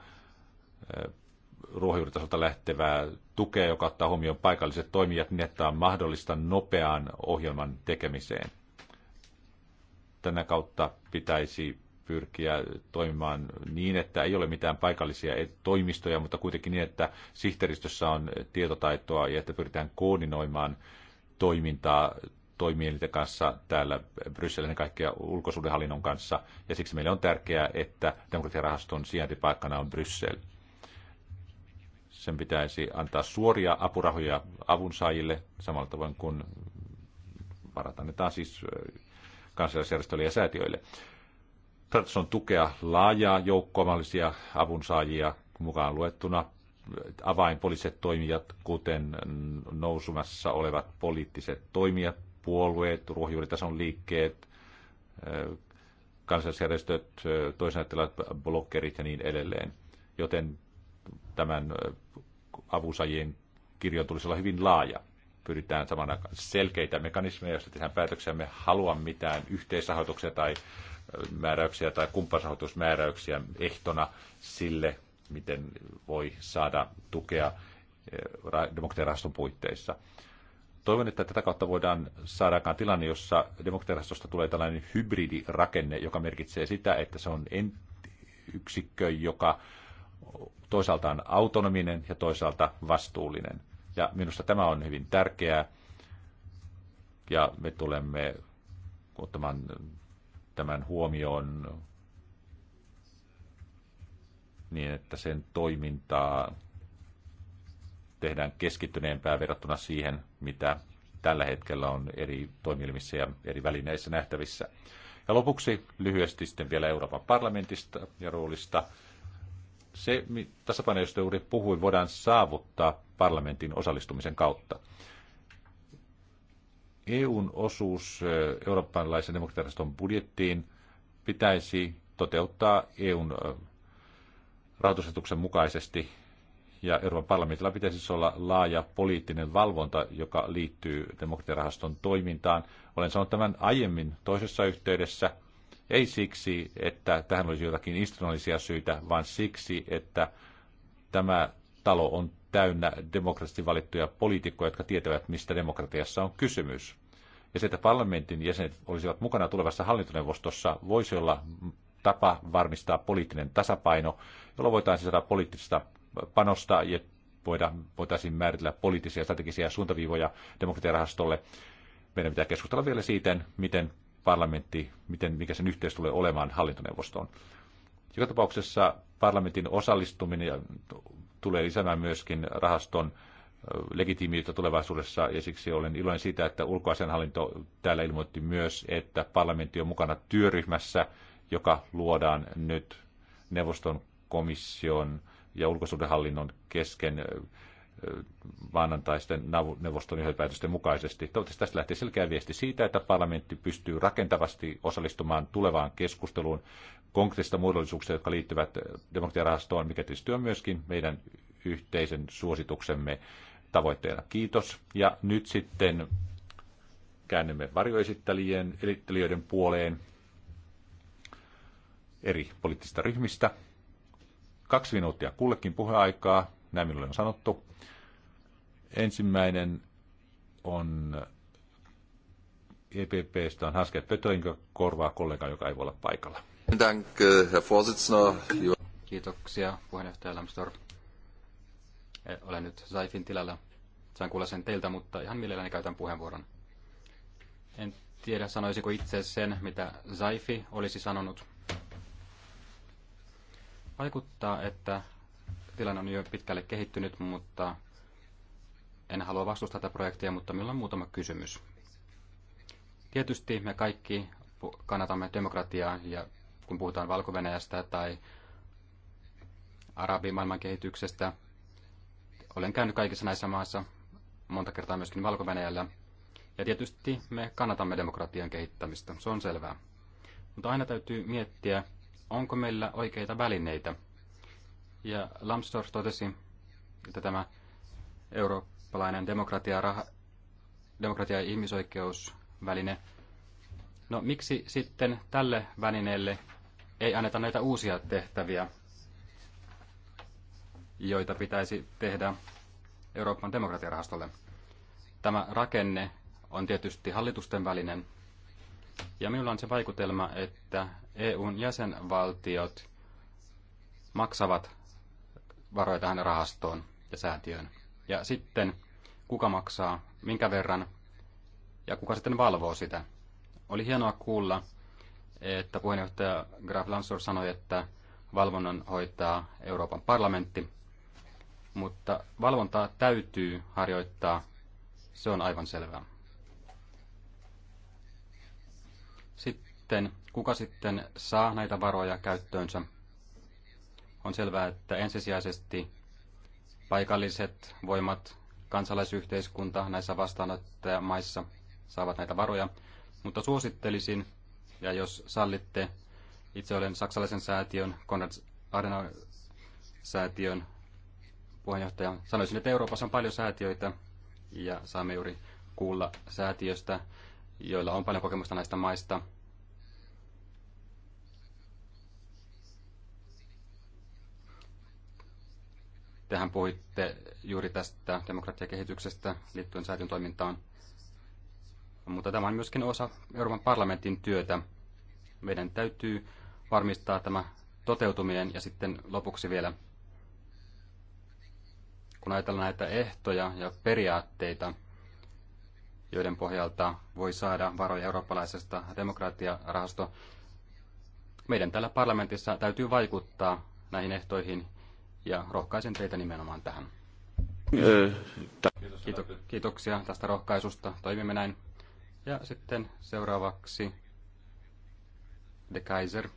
eh, ruohonjuuritasolta lähtevää tukea, joka ottaa huomioon paikalliset toimijat niin, että on mahdollista nopeaan ohjelman tekemiseen. Tänä kautta pitäisi pyrkiä toimimaan niin, että ei ole mitään paikallisia toimistoja, mutta kuitenkin niin, että sihteeristössä on tietotaitoa ja että pyritään koordinoimaan toimintaa toimielinten kanssa täällä Brysselin kaikkia ulkosuudenhallinnon kanssa. Ja siksi meille on tärkeää, että demokratiarahaston sijaintipaikkana on Bryssel. Sen pitäisi antaa suoria apurahoja avunsaajille samalla tavoin kuin ne annetaan siis äh, kansalaisjärjestöille ja säätiöille. Tarkoitus on tukea laajaa joukkoa mahdollisia avunsaajia mukaan luettuna avainpoliset toimijat, kuten nousumassa olevat poliittiset toimijat, puolueet, ruohonjuuritason liikkeet, kansallisjärjestöt, toisena blokkerit ja niin edelleen. Joten tämän avusajien kirjo tulisi olla hyvin laaja. Pyritään samana selkeitä mekanismeja, jos tehdään päätöksiä, me haluamme mitään yhteisrahoituksia tai määräyksiä tai kumppanrahoitusmääräyksiä ehtona sille, miten voi saada tukea eh, demokratiarahaston puitteissa. Toivon, että tätä kautta voidaan saada aikaan tilanne, jossa demokratiarahastosta tulee tällainen hybridirakenne, joka merkitsee sitä, että se on yksikkö, joka toisaalta on autonominen ja toisaalta vastuullinen. Ja minusta tämä on hyvin tärkeää. Ja me tulemme ottamaan tämän huomioon niin, että sen toimintaa tehdään keskittyneempää verrattuna siihen, mitä tällä hetkellä on eri toimielimissä ja eri välineissä nähtävissä. Ja lopuksi lyhyesti sitten vielä Euroopan parlamentista ja roolista. Se tasapaino, josta juuri puhuin, voidaan saavuttaa parlamentin osallistumisen kautta. EUn osuus eurooppalaisen demokratiaston budjettiin pitäisi toteuttaa EUn rahoitusetuksen mukaisesti ja Euroopan parlamentilla pitäisi siis olla laaja poliittinen valvonta, joka liittyy demokratiarahaston toimintaan. Olen sanonut tämän aiemmin toisessa yhteydessä, ei siksi, että tähän olisi jotakin instrumentaalisia syitä, vaan siksi, että tämä talo on täynnä demokraattisesti valittuja poliitikkoja, jotka tietävät, mistä demokratiassa on kysymys. Ja se, että parlamentin jäsenet olisivat mukana tulevassa hallintoneuvostossa, voisi olla tapa varmistaa poliittinen tasapaino, jolla voitaisiin saada poliittista panosta ja voida, voitaisiin määritellä poliittisia strategisia suuntaviivoja demokratiarahastolle. Meidän pitää keskustella vielä siitä, miten parlamentti, miten, mikä sen yhteys tulee olemaan hallintoneuvostoon. Joka tapauksessa parlamentin osallistuminen ja tulee lisäämään myöskin rahaston legitiimiyttä tulevaisuudessa, ja siksi olen iloinen siitä, että ulkoasianhallinto täällä ilmoitti myös, että parlamentti on mukana työryhmässä, joka luodaan nyt neuvoston komission ja ulkosuhdehallinnon kesken maanantaisten neuvoston yhdenpäätösten mukaisesti. Toivottavasti tästä lähtee selkeä viesti siitä, että parlamentti pystyy rakentavasti osallistumaan tulevaan keskusteluun konkreettista muodollisuuksia, jotka liittyvät demokratiarahastoon, mikä tietysti on myöskin meidän yhteisen suosituksemme tavoitteena. Kiitos. Ja nyt sitten käännymme varjoesittelijien, elittelijöiden puoleen eri poliittisista ryhmistä. Kaksi minuuttia kullekin puheaikaa näin minulle on sanottu. Ensimmäinen on EPPstä on Haske Pötö, jonka korvaa kollega, joka ei voi olla paikalla. Eh, Kiitoksia puheenjohtaja Lamstor. Eh, olen nyt Saifin tilalla. Sain kuulla sen teiltä, mutta ihan mielelläni käytän puheenvuoron. En tiedä, sanoisiko itse sen, mitä Zaifi olisi sanonut. Vaikuttaa, että tilanne on jo pitkälle kehittynyt, mutta en halua vastustaa tätä projektia, mutta minulla on muutama kysymys. Tietysti me kaikki kannatamme demokratiaa ja kun puhutaan valko tai arabimaailman kehityksestä, olen käynyt kaikissa näissä maissa monta kertaa myöskin valko -Venäjällä. Ja tietysti me kannatamme demokratian kehittämistä, se on selvää. Mutta aina täytyy miettiä, onko meillä oikeita välineitä – ja Lambsdorff totesi, että tämä eurooppalainen demokratia, raha, demokratia ja ihmisoikeusväline, no miksi sitten tälle välineelle ei anneta näitä uusia tehtäviä, joita pitäisi tehdä Euroopan demokratiarahastolle? Tämä rakenne on tietysti hallitusten välinen, ja minulla on se vaikutelma, että EUn jäsenvaltiot maksavat varoja tähän rahastoon ja säätiöön. Ja sitten kuka maksaa, minkä verran ja kuka sitten valvoo sitä. Oli hienoa kuulla, että puheenjohtaja Graf Lansor sanoi, että valvonnan hoitaa Euroopan parlamentti, mutta valvontaa täytyy harjoittaa, se on aivan selvää. Sitten kuka sitten saa näitä varoja käyttöönsä? On selvää, että ensisijaisesti paikalliset voimat, kansalaisyhteiskunta näissä vastaanottajamaissa saavat näitä varoja, mutta suosittelisin, ja jos sallitte, itse olen saksalaisen säätiön, Konrad Adenauer-säätiön puheenjohtaja. Sanoisin, että Euroopassa on paljon säätiöitä, ja saamme juuri kuulla säätiöstä, joilla on paljon kokemusta näistä maista, Tehän puhuitte juuri tästä demokratiakehityksestä liittyen säätiön toimintaan. Mutta tämä on myöskin osa Euroopan parlamentin työtä. Meidän täytyy varmistaa tämä toteutuminen ja sitten lopuksi vielä, kun ajatellaan näitä ehtoja ja periaatteita, joiden pohjalta voi saada varoja eurooppalaisesta demokratiarahasto. Meidän täällä parlamentissa täytyy vaikuttaa näihin ehtoihin ja rohkaisen teitä nimenomaan tähän. Kiito, kiitoksia tästä rohkaisusta. Toimimme näin. Ja sitten seuraavaksi De Kaiser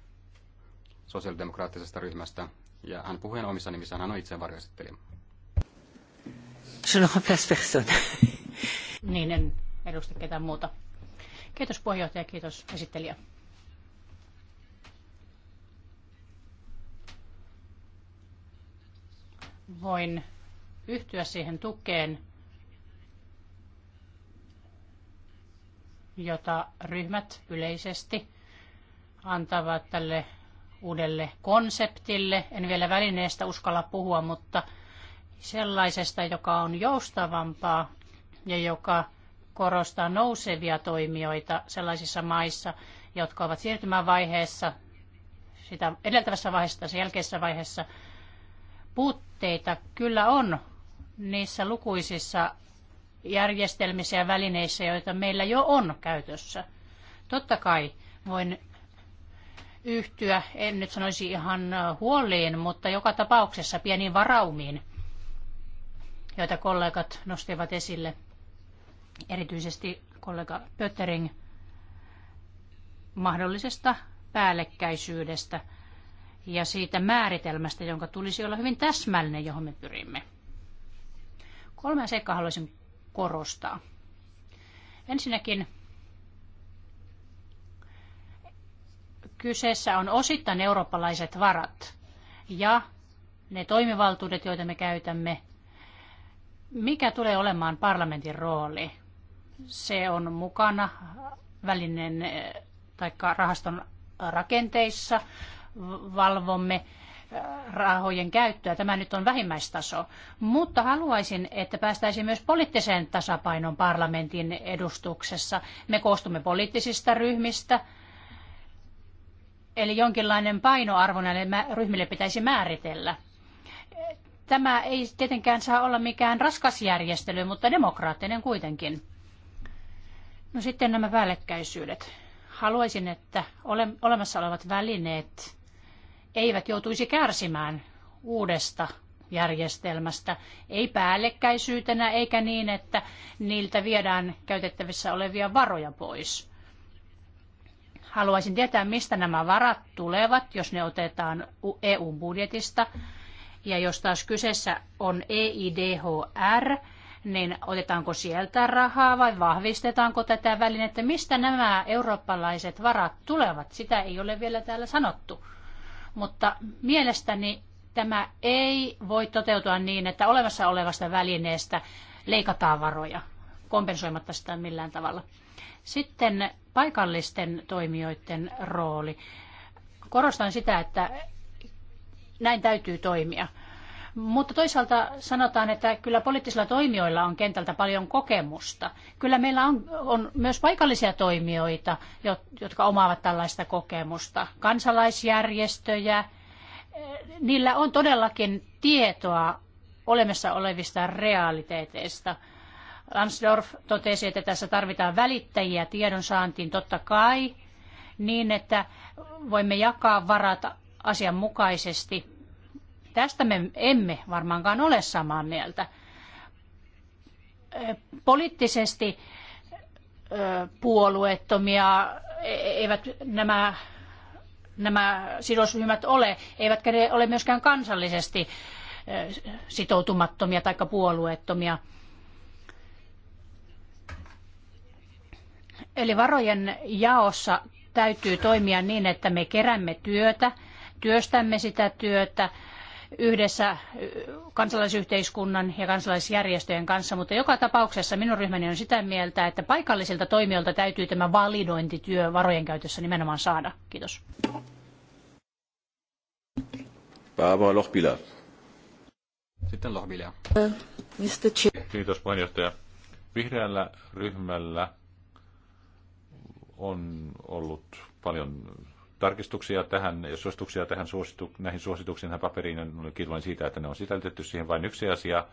sosiaalidemokraattisesta ryhmästä. Ja hän puhuu omissa nimissään, hän on itse varjoesittelijä. Je ne remplace personne. niin, en edusta ketään muuta. Kiitos puheenjohtaja, kiitos esittelijä. voin yhtyä siihen tukeen, jota ryhmät yleisesti antavat tälle uudelle konseptille. En vielä välineestä uskalla puhua, mutta sellaisesta, joka on joustavampaa ja joka korostaa nousevia toimijoita sellaisissa maissa, jotka ovat siirtymävaiheessa, sitä edeltävässä vaiheessa, tai jälkeisessä vaiheessa, puuttuu puutteita kyllä on niissä lukuisissa järjestelmissä ja välineissä, joita meillä jo on käytössä. Totta kai voin yhtyä, en nyt sanoisi ihan huoliin, mutta joka tapauksessa pieniin varaumiin, joita kollegat nostivat esille. Erityisesti kollega Pöttering mahdollisesta päällekkäisyydestä – ja siitä määritelmästä, jonka tulisi olla hyvin täsmällinen, johon me pyrimme. Kolme seikkaa haluaisin korostaa. Ensinnäkin kyseessä on osittain eurooppalaiset varat ja ne toimivaltuudet, joita me käytämme. Mikä tulee olemaan parlamentin rooli? Se on mukana välinen eh, tai rahaston rakenteissa, valvomme äh, rahojen käyttöä. Tämä nyt on vähimmäistaso. Mutta haluaisin, että päästäisiin myös poliittiseen tasapainoon parlamentin edustuksessa. Me koostumme poliittisista ryhmistä, eli jonkinlainen painoarvo näille ryhmille pitäisi määritellä. Tämä ei tietenkään saa olla mikään raskas järjestely, mutta demokraattinen kuitenkin. No sitten nämä päällekkäisyydet. Haluaisin, että olemassa olevat välineet eivät joutuisi kärsimään uudesta järjestelmästä, ei päällekkäisyytenä eikä niin, että niiltä viedään käytettävissä olevia varoja pois. Haluaisin tietää, mistä nämä varat tulevat, jos ne otetaan EU-budjetista. Ja jos taas kyseessä on EIDHR, niin otetaanko sieltä rahaa vai vahvistetaanko tätä välinettä? Mistä nämä eurooppalaiset varat tulevat? Sitä ei ole vielä täällä sanottu mutta mielestäni tämä ei voi toteutua niin, että olemassa olevasta välineestä leikataan varoja kompensoimatta sitä millään tavalla. Sitten paikallisten toimijoiden rooli. Korostan sitä, että näin täytyy toimia. Mutta toisaalta sanotaan, että kyllä poliittisilla toimijoilla on kentältä paljon kokemusta. Kyllä meillä on, on myös paikallisia toimijoita, jotka omaavat tällaista kokemusta. Kansalaisjärjestöjä, eh, niillä on todellakin tietoa olemassa olevista realiteeteista. Lansdorf totesi, että tässä tarvitaan välittäjiä tiedonsaantiin totta kai, niin että voimme jakaa varat asianmukaisesti Tästä me emme varmaankaan ole samaa mieltä. Poliittisesti puolueettomia e-, eivät nämä, nämä sidosryhmät ole, eivätkä ne ole myöskään kansallisesti sitoutumattomia tai puolueettomia. Eli varojen jaossa täytyy toimia niin, että me keräämme työtä, työstämme sitä työtä yhdessä kansalaisyhteiskunnan ja kansalaisjärjestöjen kanssa, mutta joka tapauksessa minun ryhmäni on sitä mieltä, että paikallisilta toimijoilta täytyy tämä validointityö varojen käytössä nimenomaan saada. Kiitos. Paavo Sitten Lohpila. Kiitos puheenjohtaja. Vihreällä ryhmällä on ollut paljon tarkistuksia tähän, ja suosituksia tähän suositu, näihin suosituksiin tähän paperiin, niin olen kiitollinen siitä, että ne on sisällytetty siihen vain yksi asia,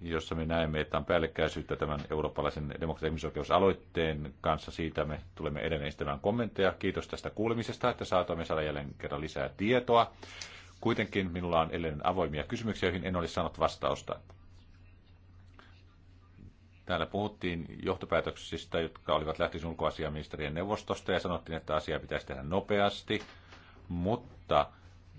jossa me näemme, että on päällekkäisyyttä tämän eurooppalaisen demokratian ihmisoikeusaloitteen kanssa. Siitä me tulemme edelleen esittämään kommentteja. Kiitos tästä kuulemisesta, että saatamme saada jälleen kerran lisää tietoa. Kuitenkin minulla on edelleen avoimia kysymyksiä, joihin en ole saanut vastausta. Täällä puhuttiin johtopäätöksistä, jotka olivat lähtisin ulkoasiaministerien neuvostosta ja sanottiin, että asia pitäisi tehdä nopeasti, mutta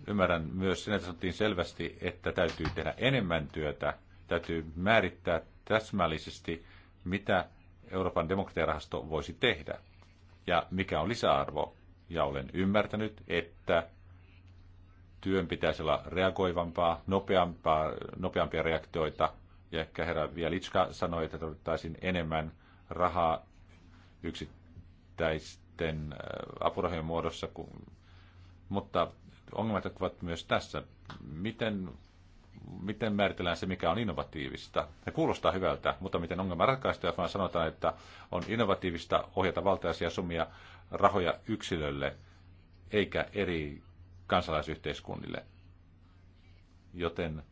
ymmärrän myös sen, että sanottiin selvästi, että täytyy tehdä enemmän työtä, täytyy määrittää täsmällisesti, mitä Euroopan demokratiarahasto voisi tehdä ja mikä on lisäarvo. Ja olen ymmärtänyt, että työn pitäisi olla reagoivampaa, nopeampaa, nopeampia reaktioita, ja ehkä herra Vialitska sanoi, että tarvittaisiin enemmän rahaa yksittäisten äh, apurahojen muodossa, kun, mutta ongelmat ovat myös tässä. Miten, miten määritellään se, mikä on innovatiivista? Ne kuulostaa hyvältä, mutta miten ongelma ratkaistaan, jos vaan sanotaan, että on innovatiivista ohjata valtaisia summia rahoja yksilölle eikä eri kansalaisyhteiskunnille. Joten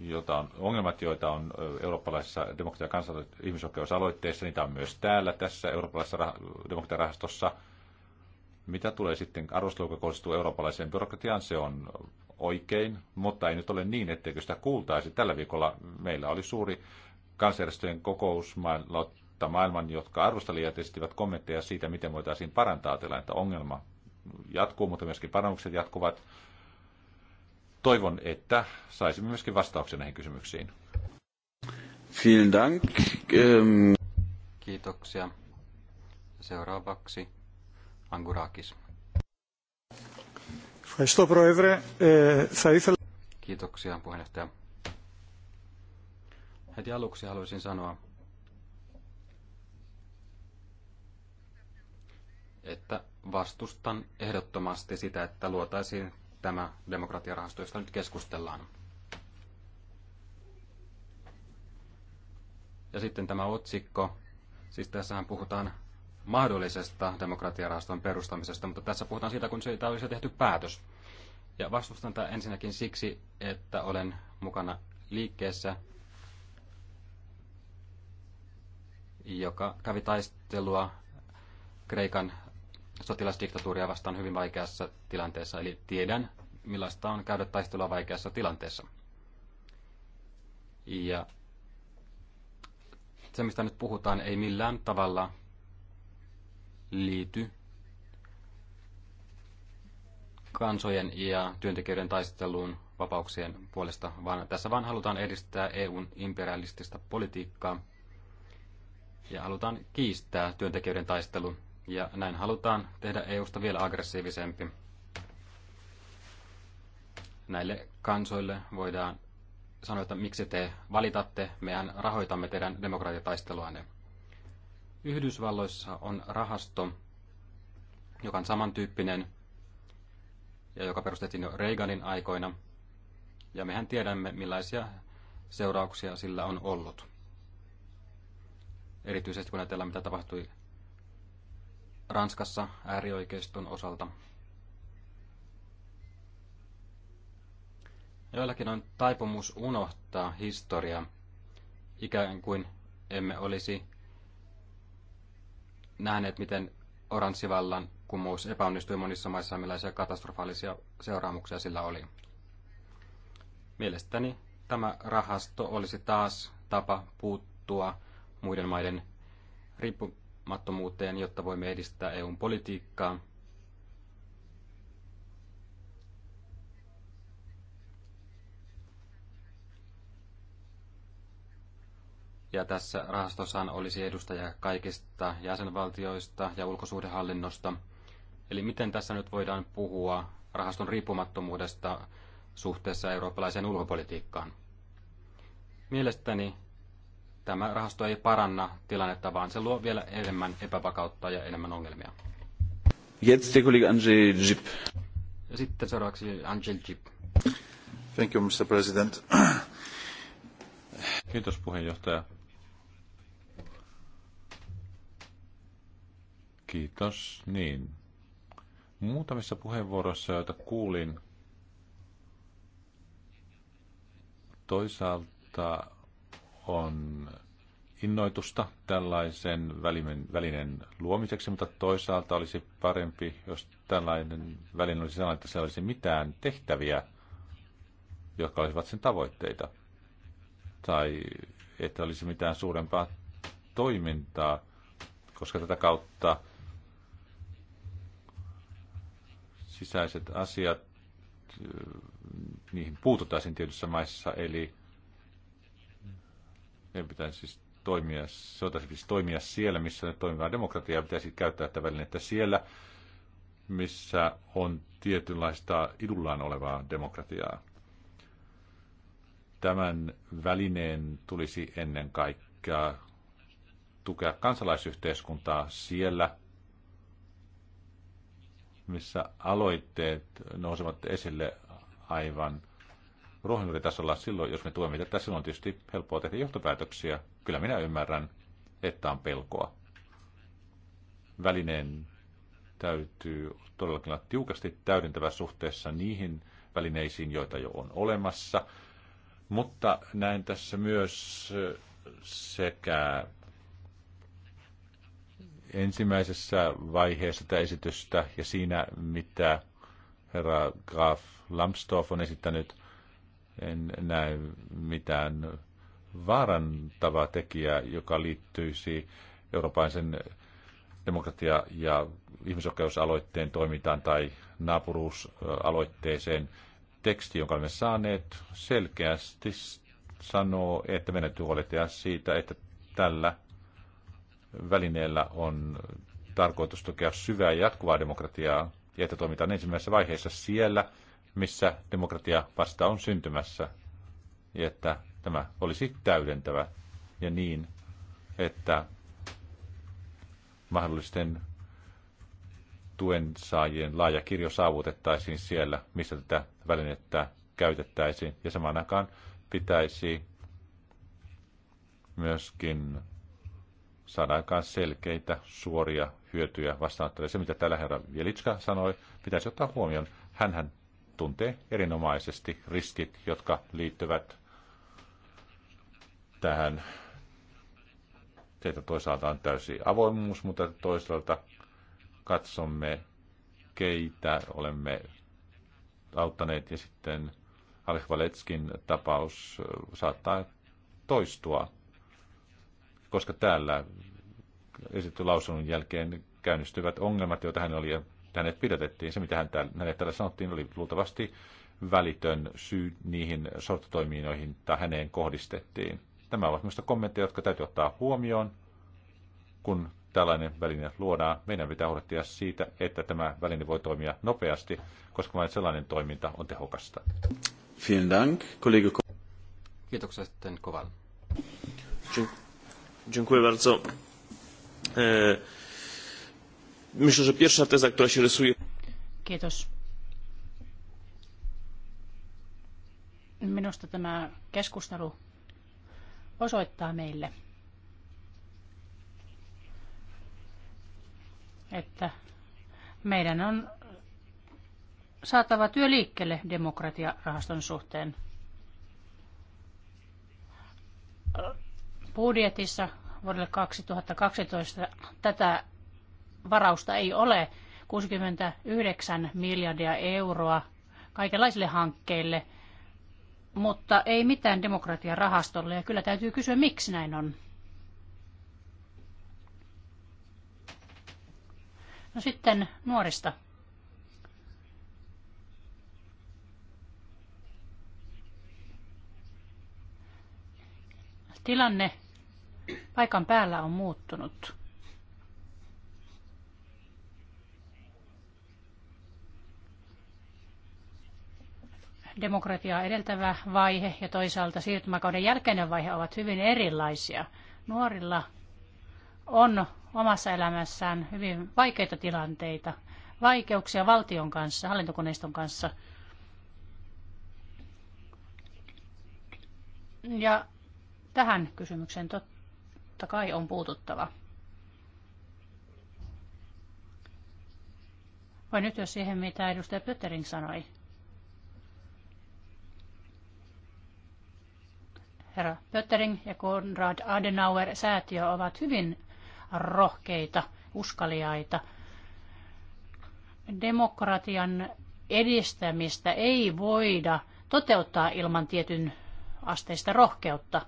jota on, ongelmat, joita on eurooppalaisessa demokratia- ja kansalais- ihmisoikeusaloitteessa, niitä on myös täällä tässä eurooppalaisessa rah- demokratiarahastossa. Mitä tulee sitten arvosteluun, joka kohdistuu eurooppalaiseen byrokratiaan, se on oikein, mutta ei nyt ole niin, etteikö sitä kuultaisi. Tällä viikolla meillä oli suuri kansanjärjestöjen kokous maailman, maailman jotka arvostelijat esittivät kommentteja siitä, miten voitaisiin parantaa tilannetta. Ongelma jatkuu, mutta myöskin parannukset jatkuvat toivon, että saisimme myöskin vastauksia näihin kysymyksiin. Vielen Dank. Ähm, Kiitoksia. Seuraavaksi Angurakis. Kiitoksia puheenjohtaja. Heti aluksi haluaisin sanoa, että vastustan ehdottomasti sitä, että luotaisiin tämä demokratiarahasto, josta nyt keskustellaan. Ja sitten tämä otsikko, siis tässähän puhutaan mahdollisesta demokratiarahaston perustamisesta, mutta tässä puhutaan siitä, kun siitä olisi tehty päätös. Ja vastustan tätä ensinnäkin siksi, että olen mukana liikkeessä, joka kävi taistelua Kreikan sotilasdiktatuuria vastaan hyvin vaikeassa tilanteessa, eli tiedän, millaista on käydä taistelua vaikeassa tilanteessa. Ja se, mistä nyt puhutaan, ei millään tavalla liity kansojen ja työntekijöiden taisteluun vapauksien puolesta, vaan tässä vaan halutaan edistää EUn imperialistista politiikkaa ja halutaan kiistää työntekijöiden taistelu ja näin halutaan tehdä EUsta vielä aggressiivisempi. Näille kansoille voidaan sanoa, että miksi te valitatte, mehän rahoitamme teidän demokratiataisteluanne. Yhdysvalloissa on rahasto, joka on samantyyppinen ja joka perustettiin jo Reaganin aikoina. Ja mehän tiedämme, millaisia seurauksia sillä on ollut. Erityisesti kun ajatellaan, mitä tapahtui Ranskassa äärioikeiston osalta. Joillakin on taipumus unohtaa historia, ikään kuin emme olisi nähneet, miten oranssivallan kumous epäonnistui monissa maissa ja millaisia katastrofaalisia seuraamuksia sillä oli. Mielestäni tämä rahasto olisi taas tapa puuttua muiden maiden riippu- riippumattomuuteen, jotta voimme edistää EUn politiikkaa. Ja tässä rahastossaan olisi edustaja kaikista jäsenvaltioista ja ulkosuhdehallinnosta. Eli miten tässä nyt voidaan puhua rahaston riippumattomuudesta suhteessa eurooppalaiseen ulkopolitiikkaan? Mielestäni tämä rahasto ei paranna tilannetta, vaan se luo vielä enemmän epävakautta ja enemmän ongelmia. Jetzt der Ja sitten seuraavaksi Angel Jip. Thank you, Mr. President. Kiitos puheenjohtaja. Kiitos. Niin. Muutamissa puheenvuoroissa, joita kuulin, toisaalta on innoitusta tällaisen välinen, välinen luomiseksi, mutta toisaalta olisi parempi, jos tällainen väline olisi sellainen, että se olisi mitään tehtäviä, jotka olisivat sen tavoitteita. Tai että olisi mitään suurempaa toimintaa, koska tätä kautta sisäiset asiat, niihin puututaan tietyissä maissa, eli meidän pitäisi siis toimia, se pitäisi siis toimia siellä, missä ne toimivaa demokratiaa pitäisi siis käyttää tätä välinettä siellä, missä on tietynlaista idullaan olevaa demokratiaa. Tämän välineen tulisi ennen kaikkea tukea kansalaisyhteiskuntaa siellä, missä aloitteet nousevat esille aivan – ruohonjuuritasolla silloin, jos me tuemme tätä, silloin on tietysti helppoa tehdä johtopäätöksiä. Kyllä minä ymmärrän, että on pelkoa. Välineen täytyy todellakin olla tiukasti täydentävä suhteessa niihin välineisiin, joita jo on olemassa. Mutta näen tässä myös sekä ensimmäisessä vaiheessa tätä esitystä ja siinä, mitä herra Graf Lambsdorff on esittänyt, en näe mitään vaarantavaa tekijää, joka liittyisi eurooppalaisen demokratia- ja ihmisoikeusaloitteen toimintaan tai naapuruusaloitteeseen. Teksti, jonka olemme saaneet, selkeästi sanoo, että meidän täytyy huolehtia siitä, että tällä välineellä on tarkoitus tukea syvää ja jatkuvaa demokratiaa ja että toimitaan ensimmäisessä vaiheessa siellä – missä demokratia vasta on syntymässä, ja että tämä olisi täydentävä ja niin, että mahdollisten tuen saajien laaja kirjo saavutettaisiin siellä, missä tätä välinettä käytettäisiin. Ja samaan aikaan pitäisi myöskin saada aikaan selkeitä, suoria hyötyjä vastaanottaville. Se, mitä täällä herra Vielitska sanoi, pitäisi ottaa huomioon. Hänhän tuntee erinomaisesti riskit, jotka liittyvät tähän. Teitä toisaalta on täysi avoimuus, mutta toisaalta katsomme, keitä olemme auttaneet ja sitten Alek Valetskin tapaus saattaa toistua, koska täällä lausunnon jälkeen käynnistyvät ongelmat, joita hän oli hänet pidätettiin. Se, mitä täällä hänelle täällä sanottiin, oli luultavasti välitön syy niihin sortotoimiin, joihin tai häneen kohdistettiin. Tämä ovat minusta kommentteja, jotka täytyy ottaa huomioon, kun tällainen väline luodaan. Meidän pitää huolehtia siitä, että tämä väline voi toimia nopeasti, koska vain sellainen toiminta on tehokasta. Vielen Dank, kollega. Kiitoksia sitten Koval. Dziękuję bardzo. E, Myślę, że pierwsza teza, która się rysuje. Kiitos. Minusta tämä keskustelu osoittaa meille, että meidän on saatava työ liikkeelle demokratiarahaston suhteen. Budjetissa vuodelle 2012 tätä varausta ei ole. 69 miljardia euroa kaikenlaisille hankkeille, mutta ei mitään demokratian rahastolle. Ja kyllä täytyy kysyä, miksi näin on. No sitten nuorista. Tilanne paikan päällä on muuttunut. demokratiaa edeltävä vaihe ja toisaalta siirtymäkauden jälkeinen vaihe ovat hyvin erilaisia. Nuorilla on omassa elämässään hyvin vaikeita tilanteita, vaikeuksia valtion kanssa, hallintokoneiston kanssa. Ja tähän kysymykseen totta kai on puututtava. Vai nyt jos siihen, mitä edustaja Pöttering sanoi. herra Pöttering ja Konrad Adenauer-säätiö ovat hyvin rohkeita, uskaliaita. Demokratian edistämistä ei voida toteuttaa ilman tietyn asteista rohkeutta.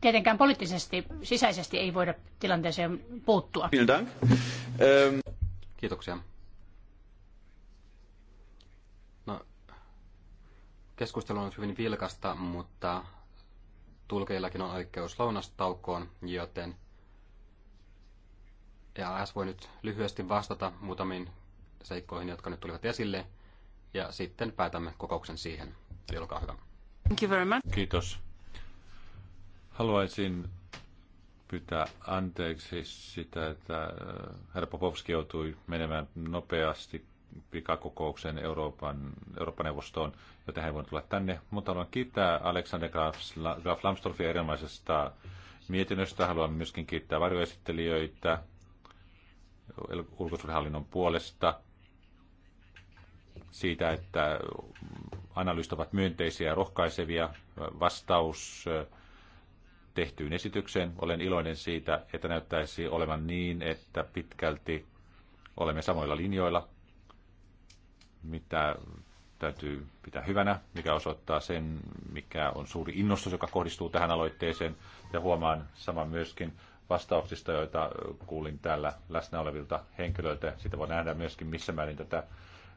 Tietenkään poliittisesti, sisäisesti ei voida tilanteeseen puuttua. Ähm. Kiitoksia. keskustelu on ollut hyvin vilkasta, mutta tulkeillakin on oikeus lounastaukoon, joten EAS voi nyt lyhyesti vastata muutamiin seikkoihin, jotka nyt tulivat esille, ja sitten päätämme kokouksen siihen. olkaa hyvä. Thank you very much. Kiitos. Haluaisin pyytää anteeksi sitä, että äh, herra Popovski joutui menemään nopeasti pikakokoukseen Euroopan, Euroopan neuvostoon, joten hän ei tulla tänne. Mutta haluan kiittää Alexander Graf Lambsdorffia erinomaisesta mietinnöstä. Haluan myöskin kiittää varjoesittelijöitä ulkosuudenhallinnon puolesta siitä, että analyysit ovat myönteisiä ja rohkaisevia. Vastaus tehtyyn esitykseen. Olen iloinen siitä, että näyttäisi olevan niin, että pitkälti olemme samoilla linjoilla mitä täytyy pitää hyvänä, mikä osoittaa sen, mikä on suuri innostus, joka kohdistuu tähän aloitteeseen. Ja huomaan saman myöskin vastauksista, joita kuulin täällä läsnä olevilta henkilöiltä. Sitä voi nähdä myöskin, missä määrin tätä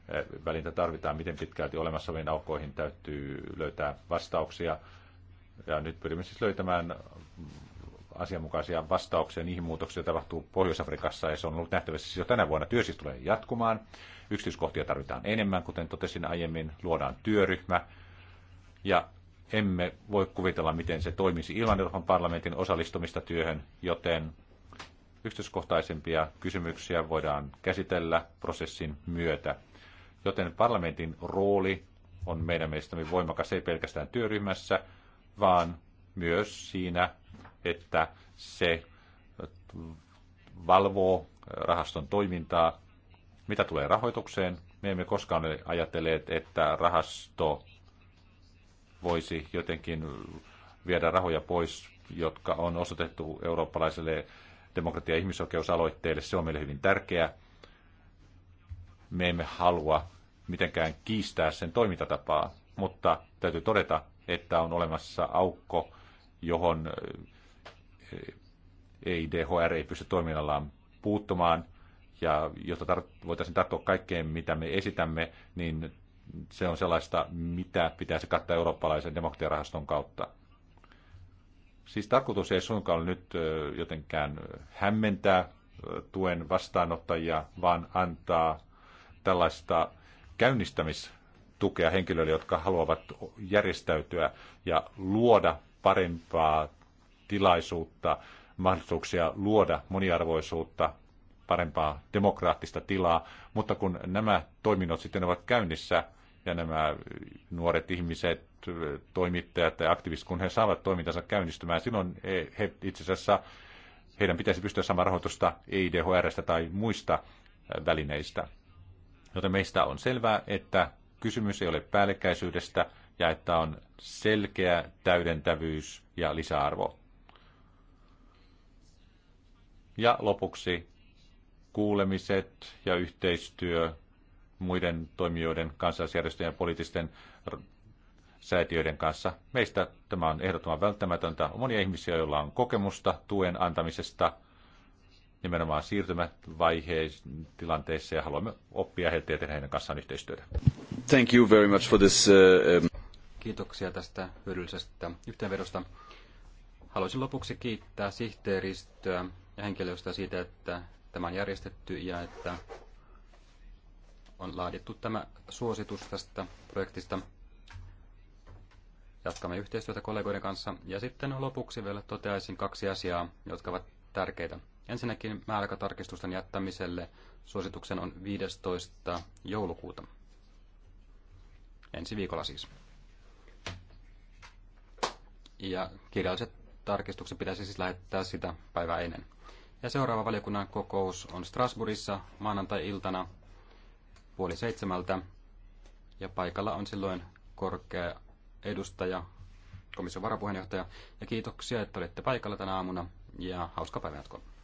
eh, välintä tarvitaan, miten pitkälti olemassa oleviin aukkoihin täytyy löytää vastauksia. Ja nyt pyrimme siis löytämään asianmukaisia vastauksia niihin muutoksiin, joita tapahtuu Pohjois-Afrikassa, ja se on ollut nähtävissä siis jo tänä vuonna. Työ siis tulee jatkumaan. Yksityiskohtia tarvitaan enemmän, kuten totesin aiemmin, luodaan työryhmä ja emme voi kuvitella, miten se toimisi ilman Euroopan parlamentin osallistumista työhön, joten yksityiskohtaisempia kysymyksiä voidaan käsitellä prosessin myötä. Joten parlamentin rooli on meidän mielestämme voimakas ei pelkästään työryhmässä, vaan myös siinä, että se valvoo rahaston toimintaa mitä tulee rahoitukseen, me emme koskaan ole ajatelleet, että rahasto voisi jotenkin viedä rahoja pois, jotka on osoitettu eurooppalaiselle demokratia- ja ihmisoikeusaloitteelle. Se on meille hyvin tärkeää. Me emme halua mitenkään kiistää sen toimintatapaa, mutta täytyy todeta, että on olemassa aukko, johon eh, ei DHR ei pysty toiminnallaan puuttumaan – ja jotta tar- voitaisiin tarttua kaikkeen, mitä me esitämme, niin se on sellaista, mitä pitäisi kattaa eurooppalaisen demokratiarahaston kautta. Siis tarkoitus ei suinkaan ole nyt jotenkään hämmentää tuen vastaanottajia, vaan antaa tällaista käynnistämistukea henkilöille, jotka haluavat järjestäytyä ja luoda parempaa tilaisuutta, mahdollisuuksia luoda moniarvoisuutta parempaa demokraattista tilaa, mutta kun nämä toiminnot sitten ovat käynnissä ja nämä nuoret ihmiset, toimittajat tai aktivistit, kun he saavat toimintansa käynnistymään, silloin he, he itse asiassa heidän pitäisi pystyä saamaan rahoitusta EIDHRstä tai muista välineistä. Joten meistä on selvää, että kysymys ei ole päällekkäisyydestä ja että on selkeä täydentävyys ja lisäarvo. Ja lopuksi kuulemiset ja yhteistyö muiden toimijoiden, kansalaisjärjestöjen ja poliittisten säätiöiden kanssa. Meistä tämä on ehdottoman välttämätöntä. On monia ihmisiä, joilla on kokemusta tuen antamisesta nimenomaan siirtymävaiheen tilanteissa ja haluamme oppia heiltä ja tehdä heidän kanssaan yhteistyötä. Thank you very much for this, uh, um... Kiitoksia tästä hyödyllisestä yhteenvedosta. Haluaisin lopuksi kiittää sihteeristöä ja henkilöstöä siitä, että tämä on järjestetty ja että on laadittu tämä suositus tästä projektista. Jatkamme yhteistyötä kollegoiden kanssa. Ja sitten lopuksi vielä toteaisin kaksi asiaa, jotka ovat tärkeitä. Ensinnäkin määräaikatarkistusten jättämiselle suosituksen on 15. joulukuuta. Ensi viikolla siis. Ja kirjalliset tarkistukset pitäisi siis lähettää sitä päivää ennen. Ja seuraava valiokunnan kokous on Strasbourgissa maanantai-iltana puoli seitsemältä. Ja paikalla on silloin korkea edustaja, komission varapuheenjohtaja. Ja kiitoksia, että olette paikalla tänä aamuna ja hauska päivänjatkoa.